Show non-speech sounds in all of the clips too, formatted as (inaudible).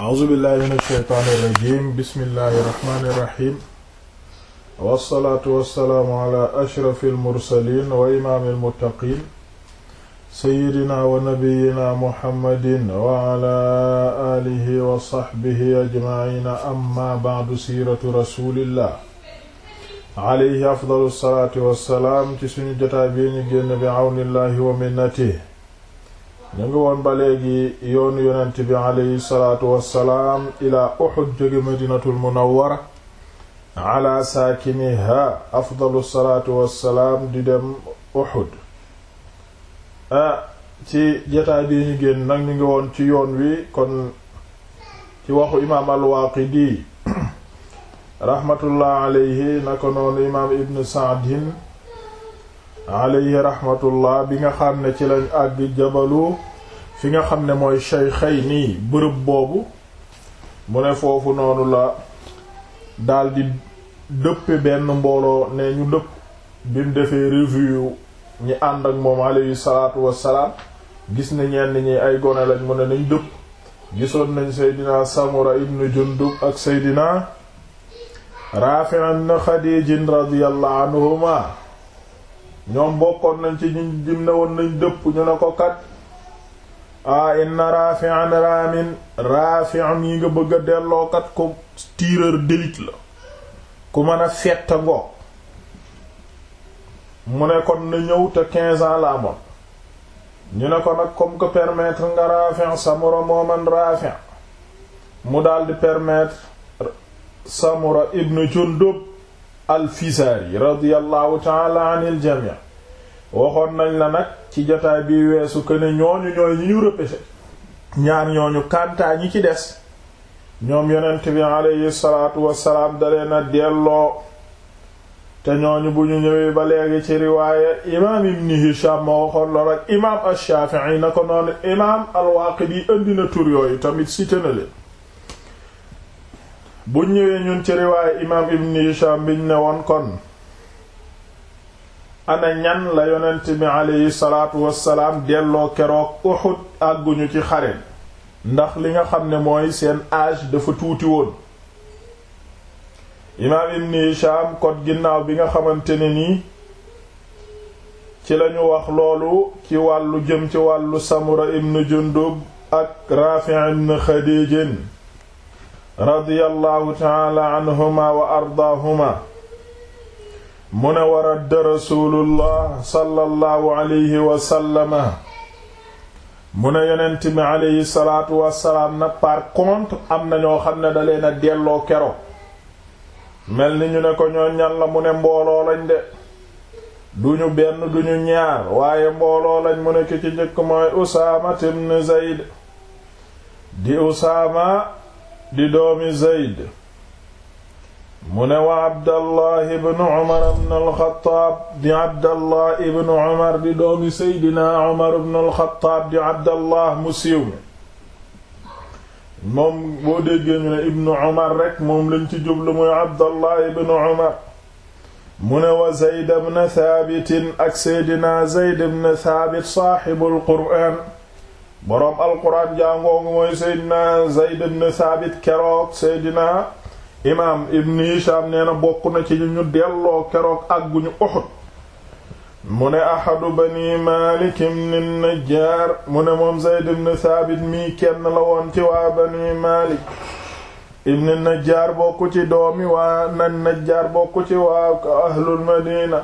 a'uuzu billahi min asheytaani irrajim bismillahi irrahmaani irrahim wassalaatu wassalaamu ala ashrafi almursalin wa imaami almuttaqin seyidina wa nabiyina muhammadin wa ala alihi wa saxbihi ajmaina amma baadu siiratu rasulillah alayhi afdalu salaatu wassalaam ci suñu jotaay bi ñu génn bi awnillahi wa minnatihi ñu ngi woon ba léegi yoon yonent bi aleyhi salaatu wassalaam ilaa Uhud jóge madinatul munawwara ala saakiniha afdalu salaatu wassalaam di dem Uhud ah ci jotaay bi ñu génn nag ñu ngi woon ci yoon wi kon ci waxu imaam al-Waaqidi (clears throat) rahmatullah aleyhi naka noonu imaam ibn Sa'din alayhi rahmatullah bi nga xam ne ci lañ àgg jabalu fi nga xam ne mooy Shaykhayni bërëb boobu mu ne foofu noonu la daldi dëppe benn mbooloo ne ñu dëpp bi mu defee revue ñi ànd ak moom alayhi salaatu wassalaam gis na ñenn ñi ay gone lañ mu ne nañ dëpp gisoon nañ seydina Samura ibnu Jundub ak seydina Rafi' ibn Khadij radiyallahu anhuma ñoom bokkoon nañ ci ñu jim ne woon nañ dëpp ñu ne ko kat a inna rafi'an ramin rafi'an yi nga bëgg delloo kat ko tireur d'élite la ku mën a fett ngoog mu ne kon na ñëw te quinze ans la ñu ne ko nag comme que permettre nga rafi'an samura mooman rafi'an mu daldi permettre samura ibn jundub alfisaari radiyallahu taala an il waxoon nañ la nag ci jotaay bi weesu que ne ñooñu ñooy ñi ñu ñaar ñooñu kantaa ñi ci des ñoom yonent bi aleyhi salaatu wasalaam daleen a delloo te ñooñu bu ñu ñëwee ba léegi ci riwaaya imaam ibn Hisham ma waxoon lool ak imaam al na ko noonu imaam al Waaqidi indi na tur yooyu tamit cité na bu ñëwee ñun ci riwaaye imaam ibn Hisham biñ ne woon kon ana ñan la yonent bi aleyhi salaatu wassalaam keroog Uhud àgguñu ci xare ndax li nga xam ne mooy seen âge dafa tuuti woon imaam ibn Hisham kon ginnaaw bi nga xamante ne nii ci lañu wax loolu ci wàllu jëm ci wàllu Samura ibn Jundub ak Rafi' ibn Khadij radiyallahu taala anhuma wa ardaahuma mu ne waradda rasulullah sallallahu alayhi wasallama mu ne yonent bi alayhi salaatu wasalaam nag par am na ñoo xam ne da delloo kero mel ni ñu ne ko ñoo ñan mu ne mbooloo lañ de duñu benn duñu ñaar waaye mbooloo lañ mu ne ki ci njëkk mooy usaama ibn zayd di usaama di doomi Zayd mu ne wa Abdallah ibn Umar ibn al-Khattab di Abdallah ibn Umar di doomi Seydina Umar ibn al-Khattab di Abdallah mu siiw moom boo déggee ñu ne ibn Umar rekk moom lañ ci jublu muy Abdallah ibn Umar mu ne wa Zayd ibn Thaabit ak Seydina Zayd ibn Thaabit saaxibul Qur'aan boroom alquran jàngoongu mooy seydina zayd ibn thabit keroog seydina imaam ibn hisham nee na bokk na ci ñu delloo keroog àgguñu uhud mu ne ahadu bani malik ibn najjar mu ne moom zayd ibn thabit mii kenn la ci waa bani malik ibn najjar bokku ci doomi waa nan najjar bokku ci waa ahlul madina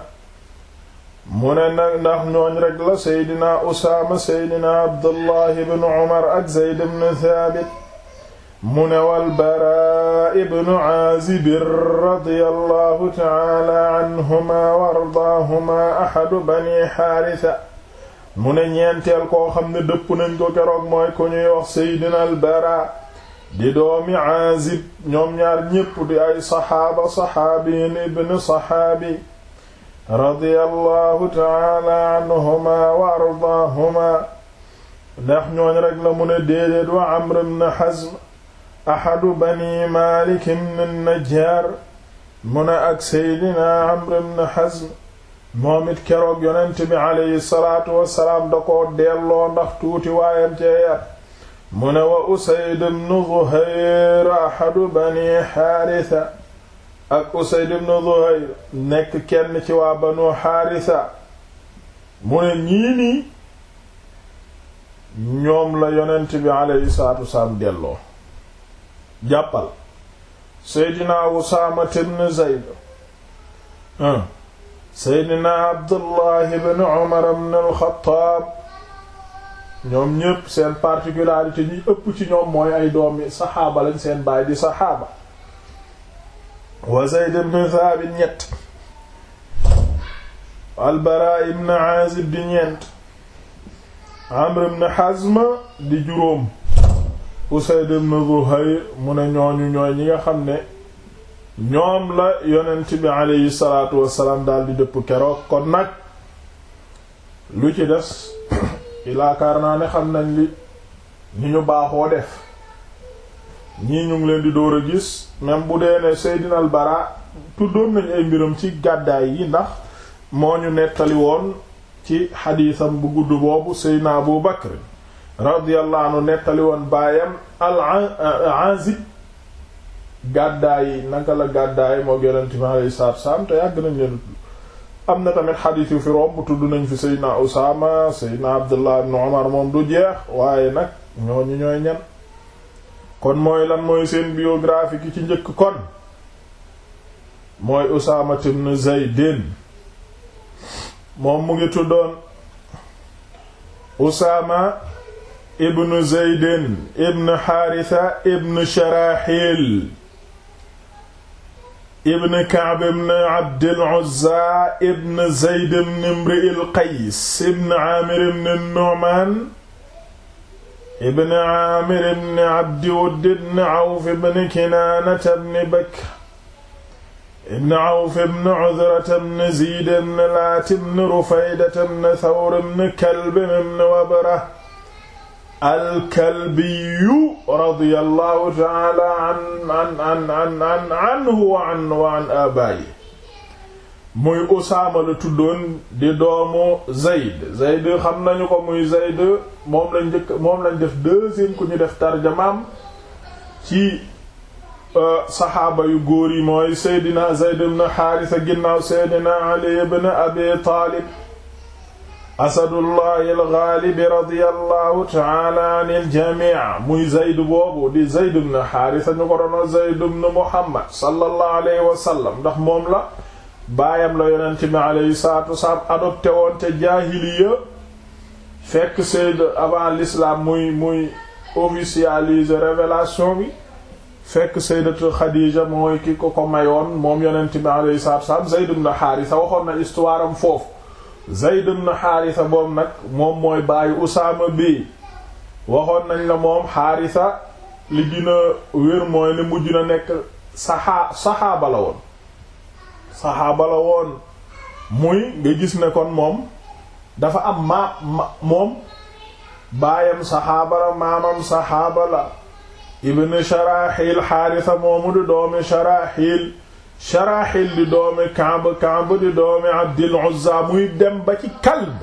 mu ne nag ndax ñooñ seydina usaama seydina abdullahi bnu umar ak zeyd bnu thaabit mu ne walbara ibnu aazibir radiyallahu taala anhuma wa ardaahuma ahadu bani xaarisa mu ne ñeenteel koo xam ne nañ ko keroog mooy ko ñuy seydina albara di doomi aazib ñoom ñaar ñépp di ay saxaaba saxaabiin ibnu saxaabi radiyallahu taala anhuma wa ardaahuma ndax ñooñ rek la mu ne déedéet wa amr ibn hazm ahadu bani malik ibn najjar mu ne ak seydina amr ibn hazm moom it keroog yonent bi aleyhi salaatu wasalaam da koo deelloo ndax tuuti waayam ceeyat mu ne wa usayd ibn zuhayr ahadu bani haarisa ak Usayd ibn Zuhayr nekk kenn ci waa Banu Haarisa mu ne ñii nii ñoom la yonent bi aleyhi salaatu wasalaam delloo jàppal Seydina Usaama ibn Zayd Seydina Abdullah ibn Umar ibn al ñoom ñépp seen particularité ñi ëpp ci ñoom mooy ay doomi saxaaba lañ seen baay di saxaaba wa Zayd ibn bi ñett albara bara ibn Azib di ñeent Amr ibn Hazm di juróom Usayd ibn Zuhayr mu ne ñooñu ñooy ñi nga xam ne ñoom la yonent bi aleyhi salaatu wassalaam daal di dëpp keroog kon nag lu ci des yaakaar (coughs) naa ne xam nañ li ni ñu baaxoo def ñii ñu ngi leen di dóor a gis même bu dee ne Seydina al Bara tuddoon nañ ay mbiram ci gàddaay yi ndax moo ñu nettali woon ci xadiisam bu gudd boobu Seydina Abu Bakr radiyallahu anhu nettali woon baayam al Azib gàddaay naka la gàddaay moo gënanti ma lay saab saam te yàgg nañ leen am na tamit xadiis yu fi romb tudd nañ fi Seydina Usaama Seydina Abdullah ibn Umar moom du jeex waaye nag ñooñu ñooy ñan kon mooy lan mooy seen biographie ki ci njëkk kon mooy Usaama ibn Zaydin moom mu ngi tuddoon Usaama ibn Zaydin ibn Haarisa ibn Sharaxil ibn Ka'b ibn Abdil Uzza ibn Zayd ibn Imri'il Qays ibn Aamir ibn Nu'maan ibn aamir ibn abdi wudd ibn awf ibn kinaanata ibn bakr ibn awf ibn udrata ibn ziid ibn laat ibn rufaydata ibn thawr ibn kalb ibn wabra alkalbiyu radiyallahu ta'ala an an an an anhu wa an wa an abaayi muy Usaama la tuddoon di doomu Zayd Zayd xam nañu ko muy Zayd moom la njëkk moom lañ def deuxième ku ñu def tarjamaam ci euh, saxaaba yu góor yi mooy Seydina Zayd ibn Haarisa ginnaaw Seydina Ali ibn Abi Taalib asadullahi al-ghaalib radiyallahu ta'ala anil jamii' muy Zayd boobu di Zayd ibn Haarisa sa ko doon Zayd ibn Muhammad sallallahu alayhi wa sallam moom la baayam la yonent bi aleyhi salaatu wasalaam adopté woon te jaahiliya fekk seyd avant lislaam muy muy officialiser révélation bi fekk sayyidatu Xadiija mooy ki ko ko mayoon moom yonent bi aleyhi salaatu wasalaam Zayd ibn Haarisa waxoon na histoire am foofu Zayd ibn Haarisa boobu nag moom mooy baayu Usaama bi waxoon nañ la moom Haarisa li gën a wér mooy ne nekk saxaa saxaaba la woon saxaaba la woon muy nga gis ne kon moom dafa am ma moom baayam saxaaba la maamam saxaaba la ibn sharaxil xaarisa moomu di doomi sharaxil sharaxil di doomi kamb kamb di doomi abdil uzza muy dem ba ci kalb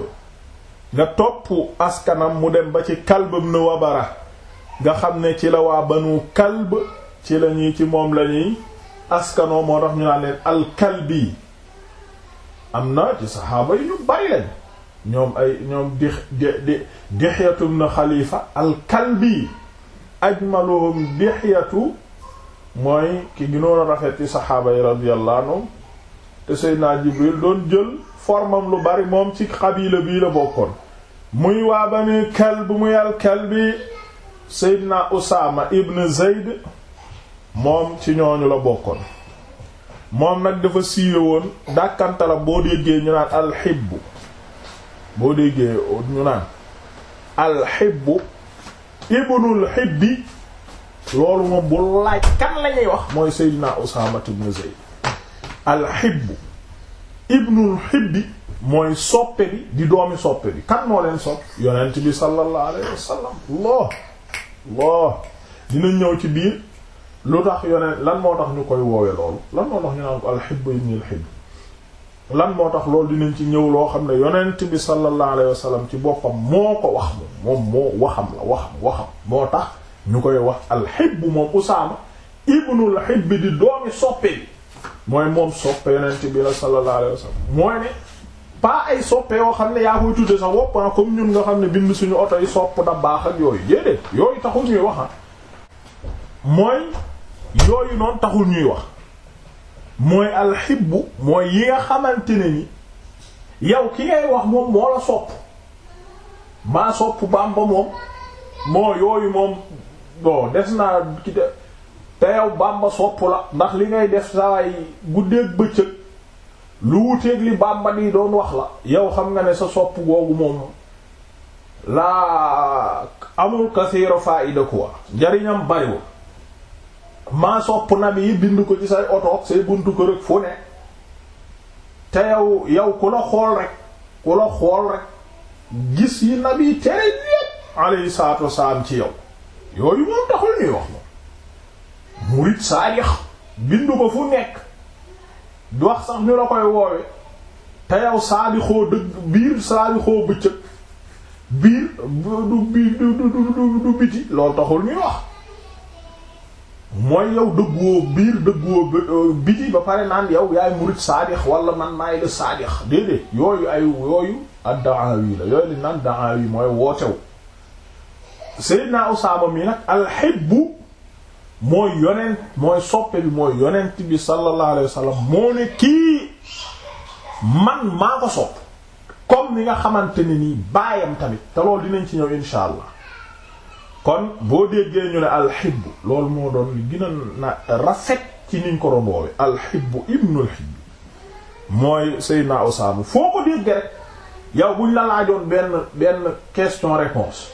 nga topp askanam mu dem ba ci kalb ibn wabara nga xam ne ci la waa banu kalb ci lañuy ci moom lañuy askanoo moo tax ñu naan leen alkalbi am na ci saxaaba yi ñu bari lañ ñoom ay ñoom di di dixyatu ibn xalifa alkalbi ajmaluhum dixyatu mooy ki gënoon rafet ci saxaaba yi radiyallahu te Seydina Jibril doon jël formam lu bari moom ci xabiila bii la bokkoon muy waa bani kalb muy alkalbi Seydina Usaama ibn Zayd moom ci ñooñu la bokkoon moom nag dafa siiwe woon dàkkantala boo déggee ñu naan alxibbu boo déggee ñu naan alxibbu ibnul loolu moom bu kan la ñuy wax mooy Seydina Usaama ibn Zayd alxibbu ibnul xibbi mooy soppe bi di doomi soppe bi kan moo leen sopp yonent bi sallallahu alayhi wa sallam dina ñëw ci biir lu tax yoneen lan moo tax ñu koy woowe loolu lan moo tax ñu naan ko alxibb ibn alxibb lan moo tax loolu dinañ ci ñëw loo xam ne yonent bi sallallahu alayhi wa ci boppam moo ko wax moom moom moo waxam la waxam waxam moo tax ñu koy wax alxibb moom Usaama ibnul xibb di doomi soppe bi moom soppe yonent bi la sallallahu alayhi wa sallam mooy ne pas ay soppe yoo xam ne yaa koy tudde sa na ah, comme ñun nga xam ne bind suñu otoy sopp da baax ak yooyu déedéet yooyu taxul ñuy wax ah. mooy yooyu noonu taxul ñuy wax mooy alxibbu mooy yi nga xamante ni yow ki ngay wax moom moo la sopp maa sopp Bamba moom moo yooyu moom des naa ki de te yow Bamba sopp la ndax li ngay def sawaay guddeeg bëccëg lu wuteeg li Bamba di doon wax la yow xam nga ne sa sopp googu moom laa amul kasiiro faida quoi njariñam bariwul maa sopp nam yi bind ko ci say otoog say buntu ko ak fu ne te yow yow ku la xool rek ku la xool rek gis yi nab yi tere yépp alayhi salaatu wasalaam ci yow yooyu moom taxul ñuy wax moom murit saadix bind ko fu nekk du wax sax ñu la koy woowe te yow saadixoo dëgg biir saadixoo bëccëg biir du du du du du biti loolu taxul ñuy wax mooy yow dëgguwoo biir dëgguwoo euh, biti ba pare naan yow yaay murid saadix wala man maay la saadix déedéet yooyu ay yooyu ak daawi la yooyu li naan daawi mooy wootew Seydina Usaama mi nag alxibbu mooy yonent mooy soppe bi mooy yonent bi sallallahu alayhi wa moo ne kii man maa ko sopp comme ni nga xamante ne nii baayam tamit te loolu dinañ ci ñëw insha kon boo déggee ñu ne alxibbu loolu moo doon li gën rafet ci niñ ko doon woowe alxibbu ibnul xibbi mooy Seydina Usaama foo ko déggee rek yow buñ la laajoon benn benn question réponse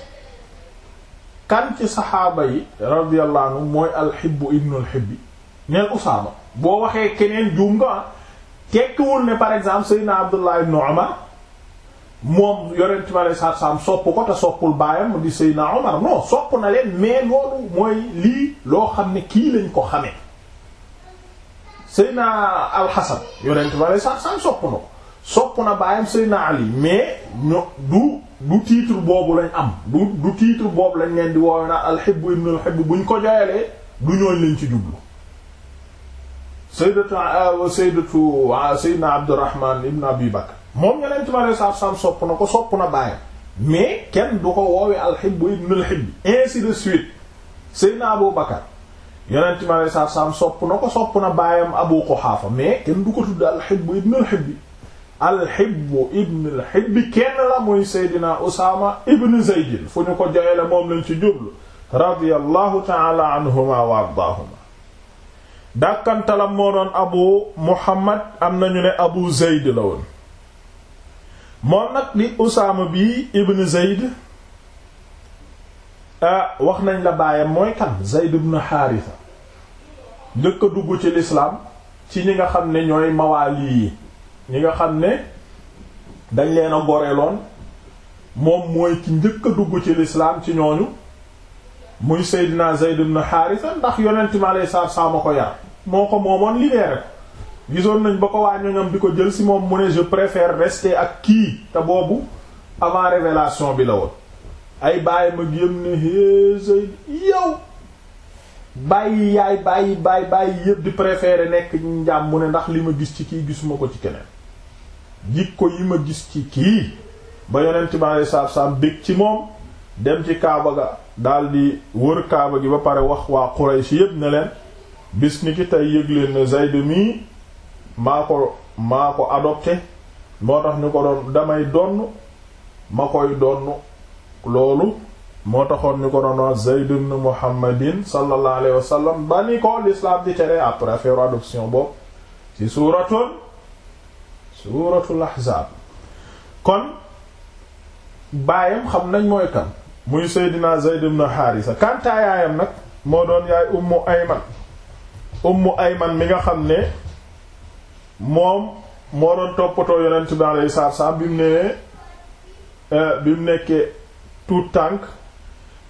kan ci saxaaba yi radiyallahu anhu mooy alxibbu ibnul xibbi neen Usaama boo waxee keneen juum nga tekkiwul ne par exemple naa Abdullah ibn Umar moom yore ma lay saam sopp ko te soppul baayam di Seydina Omar non sopp na leen mais loolu mooy lii loo xam ne kii lañ ko xamee Seydina Alxasan yonent ma lay saam sopp na ko sopp na baayam Seydina Ali mais ño du du boobu lañ am du du boobu lañ leen di woowe naa alxibbu ibnu alxibbu buñ ko joyalee du ñooñ lañ ci jublu sayyidatu euh, sayyidatu Seydina Abdurrahman ibnu Abi Bakr moom yeneen ci ma saab soppu sopp na ko sopp na bàyyam mais kenn du ko woowee alxibbu ibnul xibbi ainsi de suite Seydina Abu Bakar yeneen ci ma saab saab sopp na ko sopp na bàyyam Abu Quhaafa mais kenn du ko tudd alxibbu ibnul xibbi alxibbu ibnul xibbi kenn la muy Seydina Usaama ibn Zayd fu ñu ko joxe la moom lañ ci jublu radiyallahu ta'ala anhuma wa ardaahuma dàkkantalam moo doon Abu Muhammad am nañu ne Abu Zayd la moom nag li Usaama bii ibn Zayd ah wax nañ la baayam mooy kan Zayd ibn Haarisa njëkk a dugg ci lislaam ci ñi nga xam ne ñooy mawaali yi ñi nga xam ne dañ leen a goreeloon moom mooy ki njëkk a dugg ci lislaam ci ñooñu muy Seydina Zayd ibn Haarisa ndax yonent mi alayhi salaatu wa salaam a ko yar moo ko moomoon libéré ko gisoon nañ ba ko waa ñoñam bi ko jël si moom mu ne je préfère rester ak kii te boobu avant révélation bi la woon ay bàyyi ma géem ne é Zayd yow bàyyi yaay bàyyi bàyyi bàyyi yëpp di préférer nekk njaam mu ne ndax li ma gis ci kii gisuma ko ci keneen jikko yi ma gis ci kii ba yonent bi alei saatu salaam bég ci moom dem ci kaaba ga di wër kaaba gi ba pare wax waa Quraysh yëpp ne leen bis ni tey yëg ne Zayd mi maa ko maa ko adopté moo tax ñu ko doon damay donn ma koy donn loolu moo taxoon ñu ko doon a Zayd Muhammadin sallallahu alayhi wa ba ni ko l'islam di tere après affaire adoption boobu ci suuratul suuratul ahzaab kon baayam xam nañ mooy kan muy Seydina Zayd ibn sa kantaa yaayam nag moo doon yaay ummu Ayman ummu Ayman mi nga xam ne moom moo doon toppatoo yonent bi alayhi salaatu salaam bi mu nee eh, bi mu nekkee tuut tànk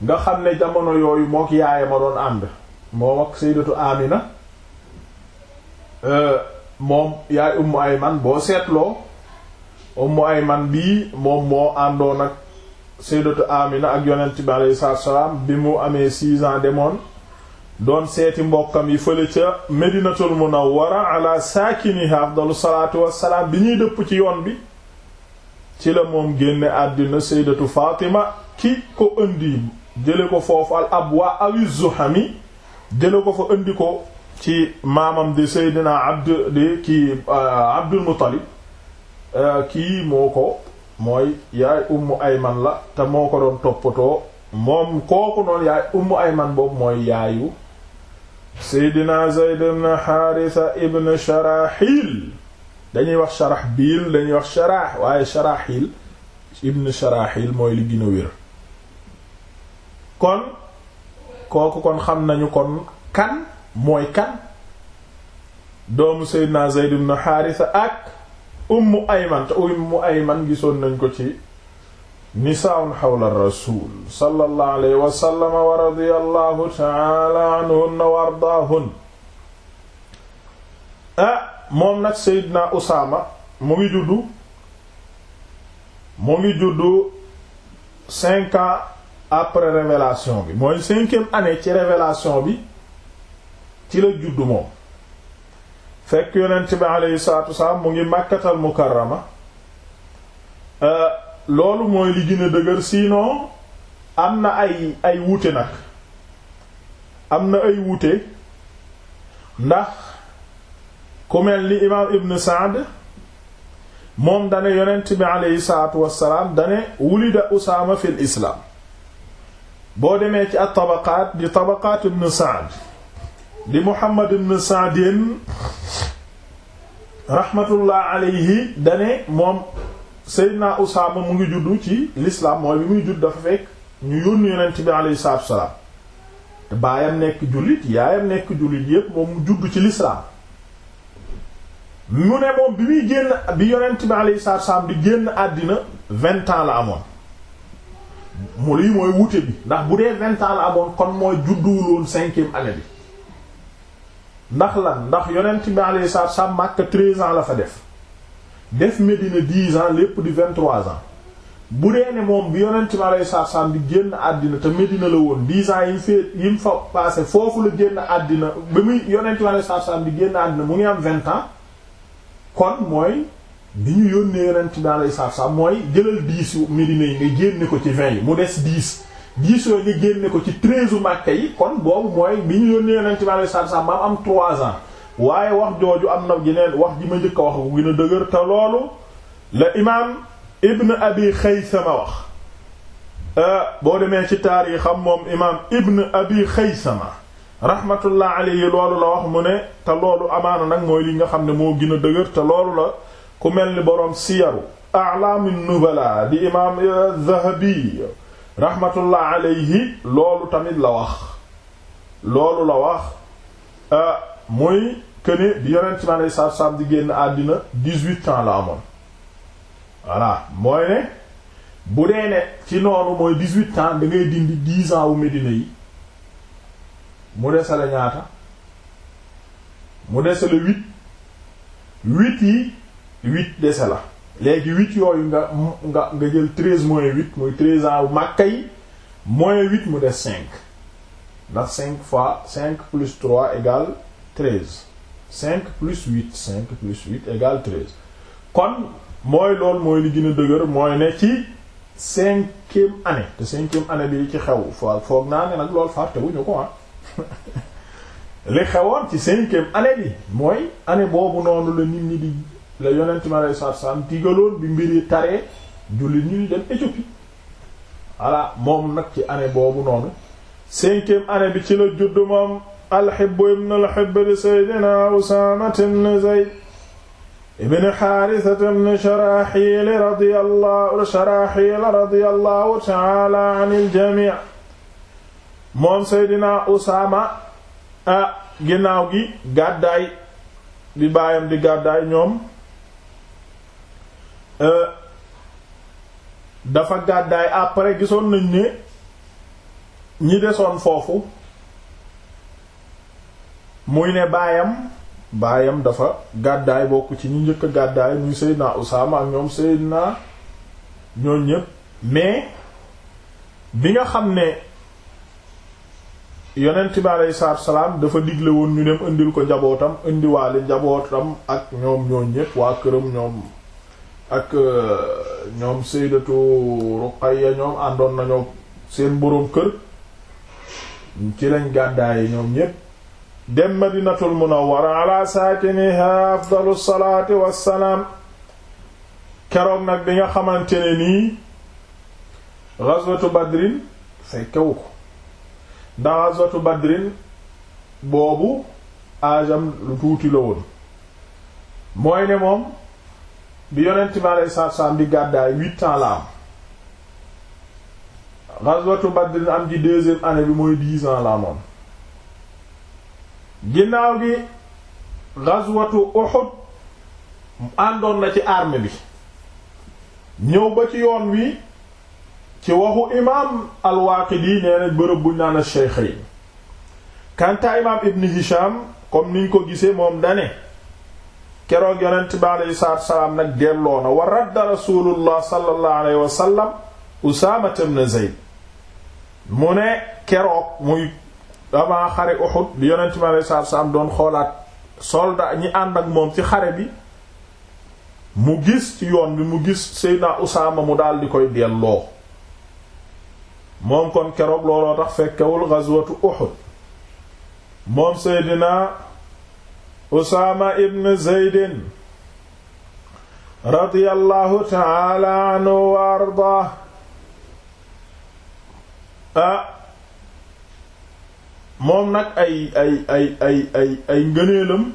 nga xam ne jamono yooyu mook yaaye ma doon ànd moom ak sayyidatu Amina eh, moom yaay Ummu Ayman boo seetloo Ummu Ayman bii moom moo àndoon ak sayyidatu Amina ak yonent bi alayhi salaatu salaam bi mu amee six ans demoon doon seeti mbokkam yi fële ca medinatul munawwara ala saakiniha afdalu salaatu wassalaam bi ñuy dëpp ci yoon bi ci la moom génne àddina sayyidatu Fatima ki ko indi jële ko foofu al abwa awi zuhami jële ko fa indi ko ci maamam di seydina abd di kii euh, abdul muttalib euh, kii moo ko mooy yaay ummu ayman la te moo ko doon toppatoo moom kooku noonu yaay ummu ayman boobu mooy yaayu seydina Zayd ibn Haarisa ibn Sharaxil dañuy wax Sharaxbil dañuy wax Sharax waaye Sharaxil ibn Sharaxil mooy li gën a wér kon kooku kon xam nañu kon kan mooy kan doomu seydina Zayd ibn Haarisa ak Ummu Ayman te Ummu Ayman gisoon nañ ko ci nisaaun xawla rasul sallallahu alayhi wa radiyallahu taala wa ardaahun ah moom nag seydina usaama mu ngi juddu mu ngi juddu après révélation bi mooy cinquième année ci révélation bi ci la juddu moom fekk yonent bi aleyhi salatu wasalaam mu ngi màkkatal mukarrama ah, loolu mooy li gën dëgër sinon am na ay ay wuute nag am na ay wuute ndax ku mel ni imaam Ibn Saad moom dane yonent bi aleyhi salaatu wassalaam dane wulida Usaama fil islaam boo demee ci at tabaqaat di tabaqaat Ibn Saad di Muhammad Ibn Saadin rahmatullah aleyhi dane moom Seydina Usaama mu ngi juddu ci l'islam mooy bi muy judd dafa fekk ñu yónni yonent bi alayhi salaatu wassalaam te baayam nekk jullit yaayam nekk jullit yépp moom mu judd ci l'islam mu ne moom bi muy génn bi yonent bi alayhi salaatu wassalaam di génn àddina vingt ans la amoon mu lii mooy wute bi ndax bu dee vingt ans la amoon kon mooy judduwuloon cinquième année bi ndax lan ndax yonent bi alayhi salaatu wassalaam Makka treize ans la fa def def Médina dix ans lépp di vingt trois ans bu dee ne moom bi yonent mi aleyhi salaatu salaam di génn àddina te Médina la woon dix ans yi mu fee yi mu fa passé foofu la génn àddina ba muy yonent mi aleyhi salaatu salaam di génn àddina mu ngi am vingt ans kon mooy bi ñu yónnee yonent mi aleyhi salaatu salaam mooy jëlal dix yu Médina yi nga génne ko ci vingt yi mu des dix dix yooyu nga génne ko ci treize u Makka yi kon boobu mooy bi ñu yónnee yonent mi aleyhi salaatu salaam maam am trois waaye wax jooju am na yeneen wax ji ma njëkk a wax ku gën a dëgër te loolu la imaam ibn abi xaysama wax euh, boo demee ci taarixam moom imaam ibn abi xaysama rahmatullah alayhi loolu la wax mu ne te loolu amaana nag mooy li nga xam ne moo gën a dëgër te loolu la ku mel ni boroom siyaru a'lamu nubala di imaam euh, zahabi rahmatullah alayhi loolu tamit la wax loolu la wax euh, muy këne bi yonent mi aleyhi salaatu salaam di génn àddina dix-huit ans la amoon voilà mooy ne bu dee ne ci noonu mooy dix-huit ans da ngay dindi dix ans wu Medina yi mu desale ñaata mu desale huit huit yi huit dese la léegi huit yooyu nga nga nga jël treize moins huit muy treize ans wu Makka yi moins huit mu des cinq ndax cinq fois cinq plus trois égale treize cinq plus huit cinq plus huit égale treize kon mooy loolu mooy li gën a dëgër mooy ne ci cinquième année te cinquième année bi ci xew fa foog naa ne nag loolu fàttewuñu ko ah (laughs) li xewoon ci cinquième année bi mooy année boobu noonu la nit ñi di la yonent mi alayhi salaatu salaam digaloon bi mbiri taree jullit ñu dem Éthiopie voilà moom nag ci année boobu noonu cinquième année bi ci la judd alxibb ibn alxibb di seydina ibn zeyd ibn xaarisata ibn sharaxiili radiyallahu sharaxiila radiyallahu taala an moom seydina usaama ginnaaw gi gàddaay di baayam di gàddaay ñoom dafa gàddaay après gisoon nañ ne ñi desoon foofu muy ne baayam baayam dafa gàddaay bokk ci ñu njëkk a gàddaay muy Seydina Usaama ak ñoom Seydina ñooñ ñépp mais bi nga xam ne yeneen bi aleyhi salaatu salaam dafa digle woon ñu dem indil ko njabootam indiwaale njabootam ak ñoom ñooñ ñépp waa këram ñoom ak euh, ñoom Sayyidatu Ruqayya ñoom àndoon nañoo seen boroom kër ci lañ gàddaay ñoom ñépp dem madinatul munawwara ala saakiniha afdalu salaati wassalaam keroog nag bi nga xamante ne nii ghazwatu badrin fekkewu ko ndax ghazwatu badrin boobu aajam lu tuuti la woon mooy ne moom bi yonent bi alei satu salaam bi gàddaay huit ans la am ghazwatu badrin am ci deuxième année bi mooy dix ans la amoon ginnaaw gi ghazwatu Uhud àndoon na ci armée bi ñëw ba ci yoon wi ci waxu imaam al-Waaqidi nee na bërëb buñ naan Shaykhayn kanta imaam Ibn Hisham comme niñ ko gisee moom dane keroog yonent bi aleyhi salaam nag delloo na wa radda rasulullah sallallahu alayhi wa sallam Usaama ibn Zayd mu ne keroog muy avant xare Uhud bi yonent mi alayhi salaatu salaam doon xoolaat soldat ñi ànd ak moom ci xare bi mu gis ci yoon bi mu gis Seydina Usaama mu daal di koy delloo moom kon keroog looloo tax fekkewul ghazwatu Uhud moom Seydina Usaama ibn Zaydin radiyallahu ta'ala anhu wa ardaa ah, moom nag ay ay ay ay ay ay ngëneelam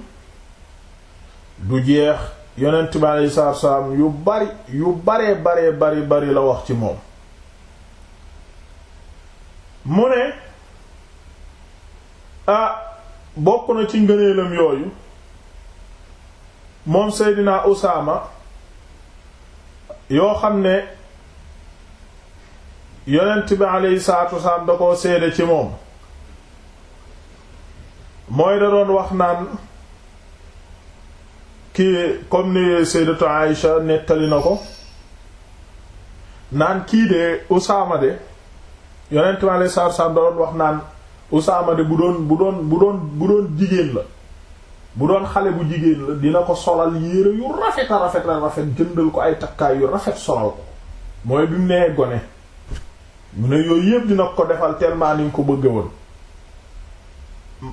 du jeex yonent bi aleyhi salaatu salaam yu bari yu baree baree bari bari la wax ci moom mu ne ah bokk na ci ngëneelam yooyu moom Seydina Usaama yoo xam ne yonent bi aleyhi salaatu salaam da koo seede ci moom mooy da doon wax naan kii comme ni sayyidatu Aïsha nettali na ko naan kii de Usaama de yonent mi alayhi salaatu salaam da doon wax naan Usaama bu doon bu doon bu doon bu doon jigéen la bu doon xale bu jigéen la dina ko solal yére yu rafet a rafet a rafet jëndal ko ay takkaay yu rafet solal ko mooy bi mu nee gone mu ne yooyu yëpp dina ko defal tellement ni ko bëgg woon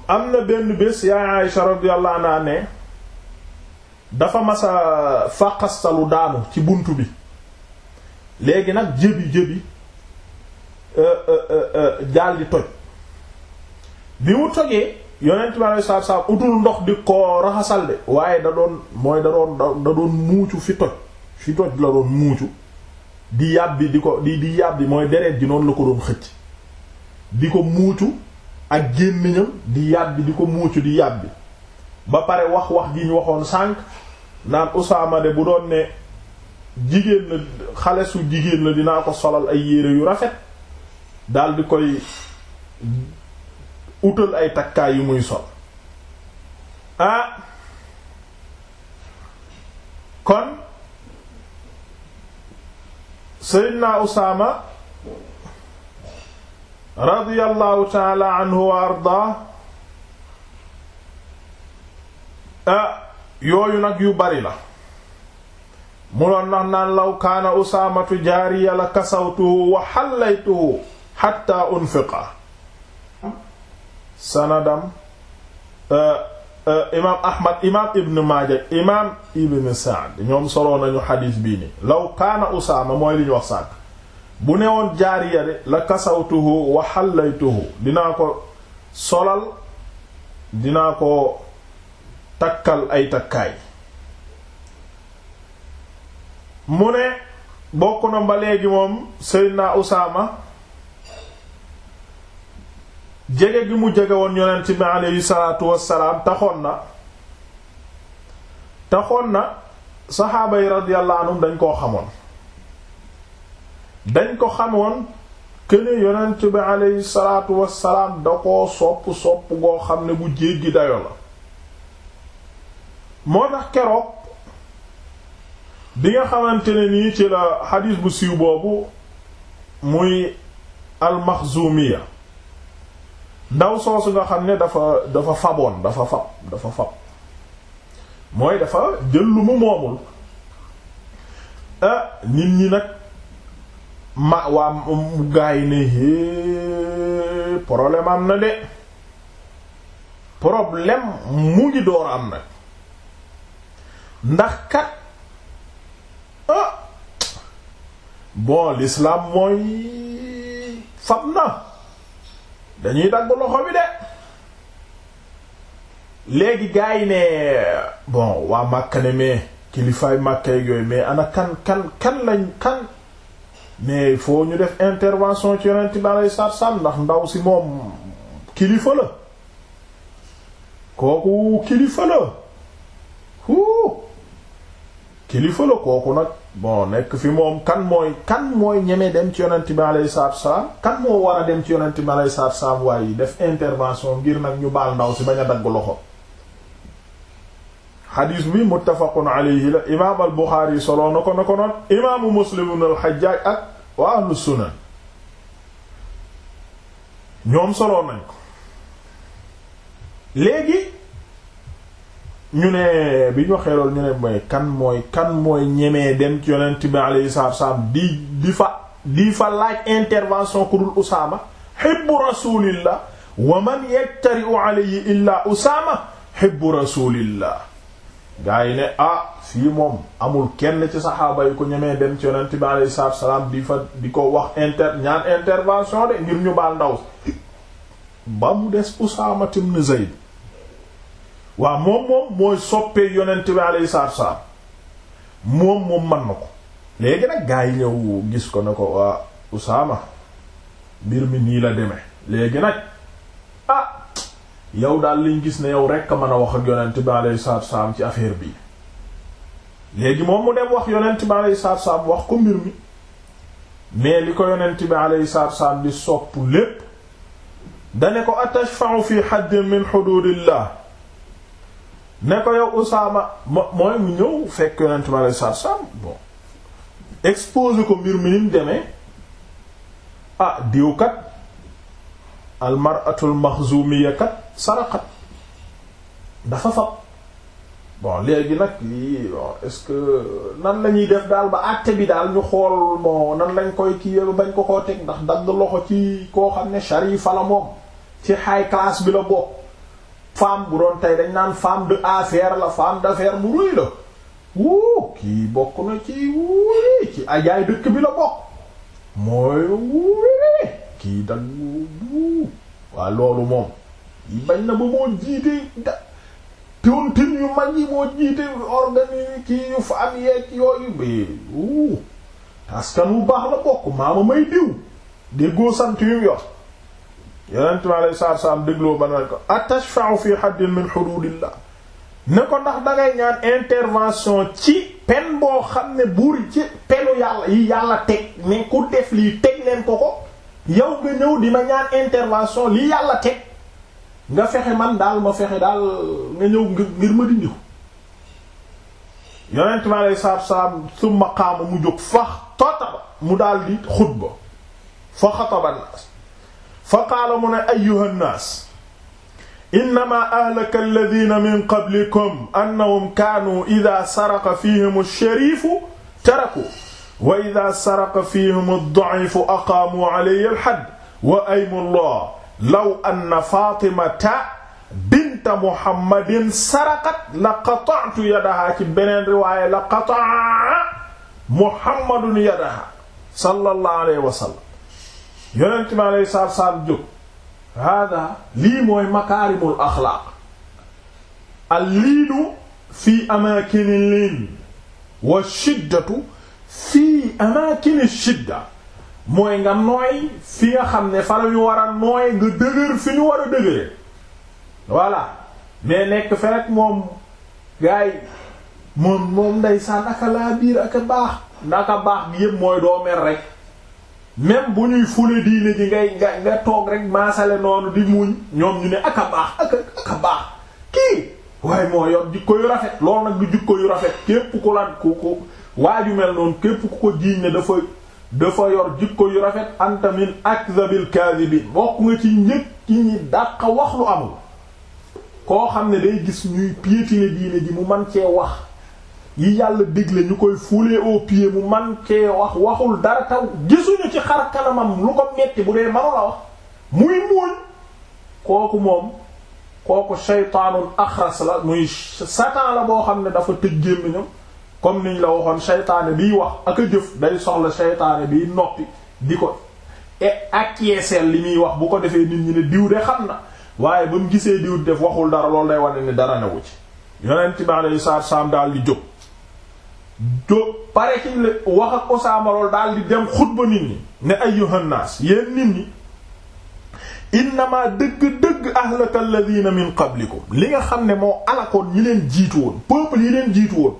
am na benn bés yaay Aïsha radiyallahu anha ne dafa masa fàqastalu daanu ci bunt bi léegi nag jëbi jëbi jaal euh, euh, euh, di toj bi mu tojee yonent bi alei satu salaam utul ndox di ko raxasal de waaye da doon mooy da doon da doon muucu fi toj fi toj la doon muucu di yàbbi di ko di di yàbbi mooy deret ji noonu la ko doon xëcc di ko muucu ak gémmiñam di yàbbi di ko muucu di yàbbi ba pare wax wax gi ñu waxoon sànq naan Usaama de bu doon ne jigéen la xale jigéen la dinaa ko solal ay yére yu rafet daldi koy utal ay takkaay yu muy sol ah kon Seydina Usaama radiyallahu taala anhu wa ardaa ah yooyu nag yu bari la mu doon nax naan law kaana usaamatu jaariya la kasawtuhu wa xallaytuhu xatta unfiqa sanadam ah, ah, imaam ahmad imaam ibn maaja imaam ibn saad ñoom soloo nañu xadiis bii ni law kaana usaama mooy li ñu wax sànk bu newoon jaariya de la kasawtuhu wa xallaytuhu dinaa ko solal dinaa ko takkal ay takkaay mu ne bokk na ba léegi moom Seydina Usaama jege gi mu jege woon yonent bi aleyhi salaatu wassalaam taxoon na taxoon na saxaaba yi radiyallahu anhum dañ koo xamoon dañ ko xamoon këne yonent bi aleyhi salaatu wassalaam da koo sopp sopp goo xam ne bu jéggi dayo la moo tax keroog bi nga xamante ne nii ci la xadiis bu siiw boobu muy almaxzumiya ndaw soosu nga xam ne dafa dafa faboon dafa fab dafa fab mooy dafa jël lu mu moomul ah nit ñi nag ma waa gaa yi ne problème am na de problème mu ngi door am nag ndax kat ah bon l'islam mooy fab na dañuy dagg loxo bi de léegi gaa ne bon waa Makka ne mais kilifaay Makka yooyu mais ana kan kan kan lañ kan mais il ñu def intervention ci yonent bi alei satu salaam ndax ndaw si moom kilifa la kooku kilifa la hu kilifa la kooku nag bon nekk fi moom kan mooy kan mooy ñeme dem ci yonent bi alei satu salaam kan moo war a dem ci yonent bi alei satu salaam waaye def intervention ngir nag ñu baal ndaw si bañ a dagg loxo xadis bi muttafaqun alayhi la imaam buxaari solo ko na imaamu muslim ibn al ak waaw ahlu sunan ñoom soloon nañ ko léegi ñu ne bi ñu waxee loolu ñu ne mooy kan mooy kan mooy ñemee dem ci yonent bi alayhi salaatu salaam di di fa di fa laaj intervention ku dul Usaama hibbu wa man yaktari'u yi illa Usaama hibbu rasulillah gaa yi ne ah fii moom amul kenn ci saxaaba yi ko ñemee dem ci yonent bi alayhi salaam di fa di ko wax inter ñaan intervention de ngir ñu baal ndaw ba mu des Usaama ibn Zayd waaw moom moom soppee yonent bi alayhi salaatu moom man na ko léegi nag gaa yi ñëw gis ko ne ko waa ah, Usaama mbir mi nii la deme léegi nag ah yow daal liñ gis ne yow rekk a mën a wax ak yonent bi alayhi salaatu salaam ci affaire bii léegi moom mu dem wax yonent bi alayhi salaatu salaam wax ko mbir mi mais li ko yonent bi alayhi salaatu salaam di sopp lépp dane ko atashfa'u fi haddin min hududillah ne ko yow Usaama mooy mu ñëw fekk yonent bi alayhi salaatu salaam bon ko mbir mi ni mu demee ah diwkat al mar'atul maxzumiya kat saraxat dafa fab bon léegi nag lii est-ce que nan lañuy def daal ba àtte bi daal ñu xool moo nan lañ koy kii bañ ko koo teg ndax dagg loxo ci koo xam ne sharifa la moom ci high class bi la bokk femme bu doon tey dañ naan femme d'affaires la femme d'affaires mu rëy la wuu kii bokk na ci wuri ci ajaay dëkk bi la bokk mooy wuri kii dagg wuu waa loolu moom bañ na ba moo jiite tontin yu mag yi moo jiite organi kii yu fa am yeeg yooyu bi u askan wu baax na bokk maama may diw déggoo sant yu yor yonent mi alei saatu dégloo ba nañ ko atashfa'u fi haddin min hududillah ne ko ndax dangay ñaan intervention ci pen boo xam ne buur ci penu yàlla yi yàlla teg ne ku def lii teg leen ko ko yow nga ñëw di ma ñaan intervention li yàlla teg nga fexe man daal ma fexe daal nga ñëw ngir ma dindi ko yonent bi alei salatu salaam summa qaama mu jóg fa xataba mu daal di xutba fa xataba nnaas fa qaala mu ne ayyuha nnaas innama ahlaka alladina min qablikum annahum kaanuu ida saraqa fihim alsharifu taraku wa ida saraqa fihim aldaifu aqaamuu alayhi alhadd wa aymu llah law anna fatimata binta muhammadin saraqat la qata'tu yadaha ci beneen riwaaya la qata'a muhammadun yadaha sallallahu alayhi wa sallam yonent mi alayhi salaatu salaam jóg hada lii mooy makaarimul axlaaq al liinu fi amaakini liin wa shiddatu fi amaakini shidda mooy nga nooy fi nga xam ne fa la war a nooy nga dëgër fi ñu war a dëgëre voilà mais nekk fe moom gars yi moom moom ndeysaan aka laa biir aka baax ndaka baax bi yëpp mooy doo mer rek même bu ñuy fule diine ji ngay nga nga toog rek maasale noonu di muñ ñoom ñu ne aka baax aka aka baax kii waaye moo yor jikko yu rafet loolu nag du jikko yu rafet képp ku lan ku ku ju mel noonu képp ku ko jiiñ ne dafa dafa yor jikko yu rafet anta min akdhabil kadhibin bokk nga ci ñëpp ci ñi dàq wax lu amul koo xam ne day gis ñuy piétiner diine ji mu man cee wax yi yàlla digle ñu koy fouler au pied mu man cee wax waxul dara taw gisuñu ci xar kanamam lu ko metti bu dee manu la wax muy muuñ kooku moom kooku shaytaanun axras la muy satan la boo xam ne dafa tëj gémmiñam comme niñ la waxoon seytaane biy wax ak a jëf day soxla seytaane biy noppi di ko e acquiescer li muy wax bu ko defee nit ñi ne diw de xam na waaye ba mu gisee diw def waxul dara loolu day wane ne dara newu ci yonent bi alayhi salaatu salaam daal di jóg jóg pare ci le wax ak ko lool dal di dem xutba nit ñi ne ayyuhan naas yéen nit ñi innama dëgg-dëgg ahlaka alladhina min qablikum li nga xam ne moo alakoon ñi leen jiitu woon peuple yi leen jiitu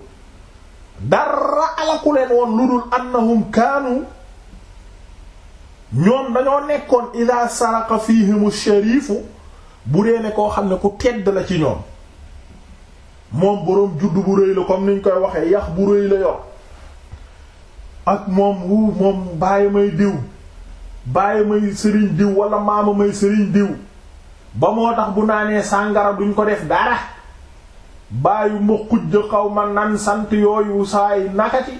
dara alaku woon lu dul annahum kaanu ñoom dañoo nekkoon ida saraka fihimu sharifu bu dee ne koo xam ne ku tedd la ci ñoom moom boroom juddu bu rëy la comme niñ koy waxee yax bu rëy la yor ak moom wu moom bàyyi may diw bàyyi may sëriñ diw wala maama may sëriñ diw ba moo tax bu naanee sàngara duñ ko def dara bàyyi ma xujj xaw ma nan sant yooyu saay nakati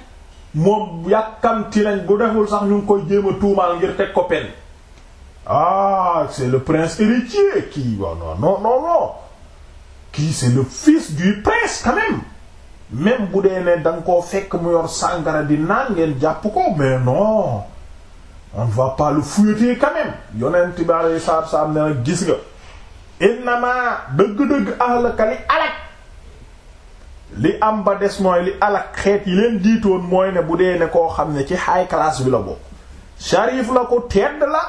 moom yàkkamti nañ bu deful sax ñu ngi koy jéem a tuumaal ngir teg ko pen ah c'est le prince héritier kii waaw non non non non kii c'est le fils du prince quand même bu dee ne da koo fekk mu yor sàngara di naan ngeen jàpp ko mais non on ne va pas le fouetter quand même yonent bi alei saatu salaam ne nag gis nga innama dëgg-dëgg ahlakali alak li am ba des mooy li alak xeet yi leen diitoon mooy ne bu dee ne koo xam ne ci high class bi la bokk sharif la ko tedd la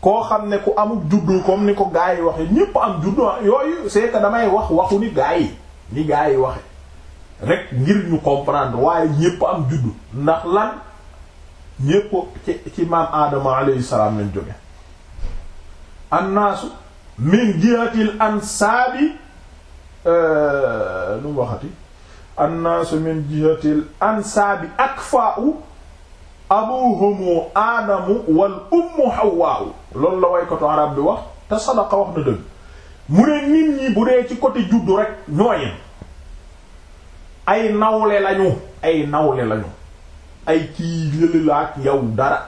koo xam ne ku amul juddu comme ni ko gaa yi waxe ñépp am juddu yooyu c'est damay wax waxu ni gaa yi ni ngir ñu comprendre waaye ñépp am juddu ndax lan ñépp ci ci maam aadama alayhi salaam lañ jóge annaasu min jihatil ansaabi euh, nu mu waxati annaasu min jihatil ansaabi akfaa'u abuhumu aadamu wal ummu hawwaa'u loolu la waykatu arab bi wax te sadaqa wax na dëgg mu ne nit ñi bu dee ci côté juddu rek ñooyeen ay nawle lañu ay nawle lañu ay kii lëlëlaak yow dara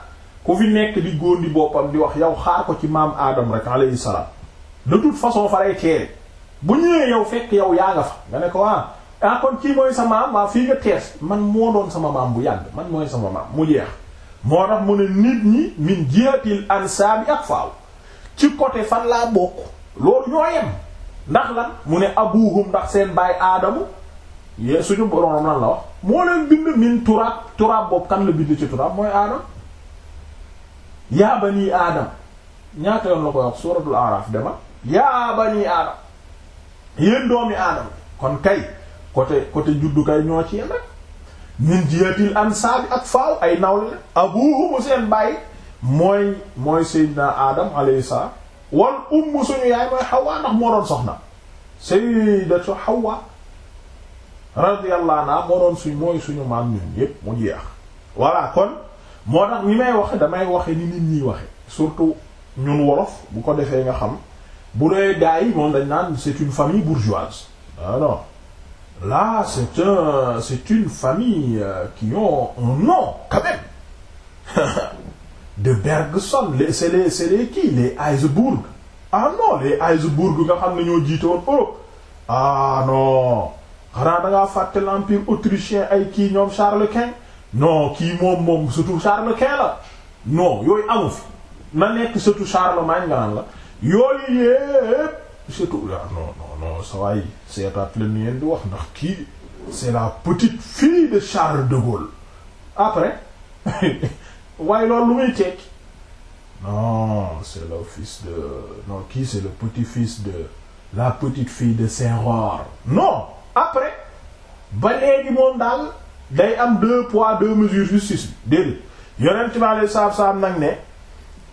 ku fi nekk di góondi boppam di wax yow xaar ko ci maam aadam rek alayhi salaam de façon fa lay teere bu ñëwee yow fekk yow yaa nga fa nga ne ko ah ah kon kii mooy sa maam waa fii nga tees man moo doon sama maam bu yàgg man mooy sama maam mu jeex moo tax mu ne nit ñi min jihatil ansaabi ak faaw ci côté fan laa bokk loolu ñoo yem ndax lan mu ne abuhum ndax seen baay aadamu yee suñu borom lan la wax moo leen bind min turaab turaab boobu kan la bind ci turaab mooy aadam yaa bani aadam ñaata yoon la koy wax suuratul aaraaf dema yaa aadam yéen doomi aadam kon kay côté côté juddu kay ñoo ci yem rek min jihatil ansaab ak faaw ay nawle la abuhumu seen bàyyi mooy mooy Seydina Adam alayhi salaam wal umm suñu yaay mooy Hawa ndax moo doon soxna Sayyidatu Hawa radiyallahu anha moo doon suñ mooy suñu maam ñun yépp mu jeex voilà kon moo tax ñi may waxe damay waxe ni nit ñiy waxe surtout ñun wolof bu ko defee nga xam bu dee gaa yi moom dañ naan c'est une famille bourgeoise ah là c'est un c'est une famille euh, qui ont un nom quand même (laughs) de Bergson les c'est les c'est les qui les Habsbourg ah non les Habsbourg nga xam ne ñoo jiitoon Europe ah non xanaa da fàtte l'empire autrichien ay kii ñoom Charles Quint non kii moom moom surtout Charles Quint la non yooyu amu fi na nekk surtout Charlemagne nga la yooyu yépp surtout ah non. non sawaay seetaat la ni ngeen di wax ndax kii c'est la petite fille de Charles de Gaulle après (laughs) waaye loolu lu muy tekki non c'est le fils de non kii c'est le petit-fils de la petite fille de Saint-Roire non après ba léegi moom daal day am deux poids deux mesures justice bi déedéet yonent bi alei saab saab nag ne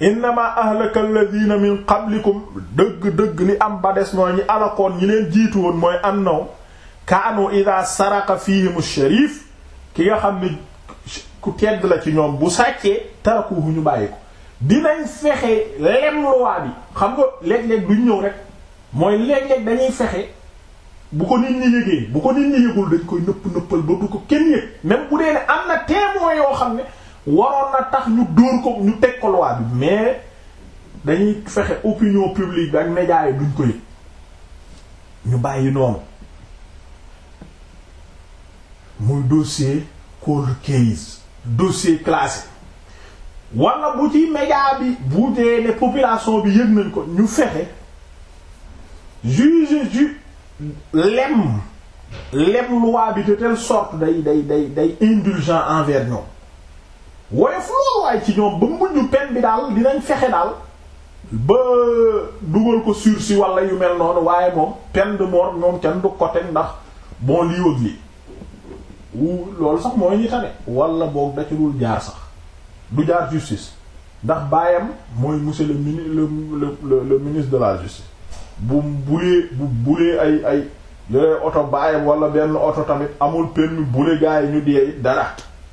innama ahlaka alladhina min qablikum dëgg-dëgg li am ba des mooy ñi alakoon ñi leen jiitu woon mooy annaw kaanu ida saraka fihimu sharif ki nga xam ni ku tedd la ci ñoom bu sàccee tarakuhu ñu bàyyi ko dinañ fexe lem luwaa bi xam nga léeg-léeg duñ ñëw rek mooy léeg-léeg dañuy fexe bu ko nit ñi yëgee bu ko nit ñi yëgul dañ koy nëpp nëppal ba du ko kenn yëg même bu dee ne am na témoin yoo xam ne waroon na tax ñu dóor ko ñu teg ko loi bi mais dañuy fexe opinion publique bi ak médias duñ ko yëg ñu bàyyi noonu muy dossier cold case dossier classé wala bu ci média bi bu dee ne population bi yëg nañ ko ñu fexe juge ju lem lem loi bi de telle sorte day day day day indulgent envers ñoom woyof lool waaye ci ñoom ba mujj pen bi daal dinañ fexe daal ba dugal ko si wala yu mel noonu waaye moom peine de mort ñoom kenn du ko ndax bon lii wëg lii wu loolu sax mooy ñi tane wala boog da jaar sax du jaar justice ndax baayam mooy monsieur le mini le ministre de la justice bu bulee bu bulee ay ay yore oto baayam wala benn oto tamit amul permis bule gaa yi ñu dee dara.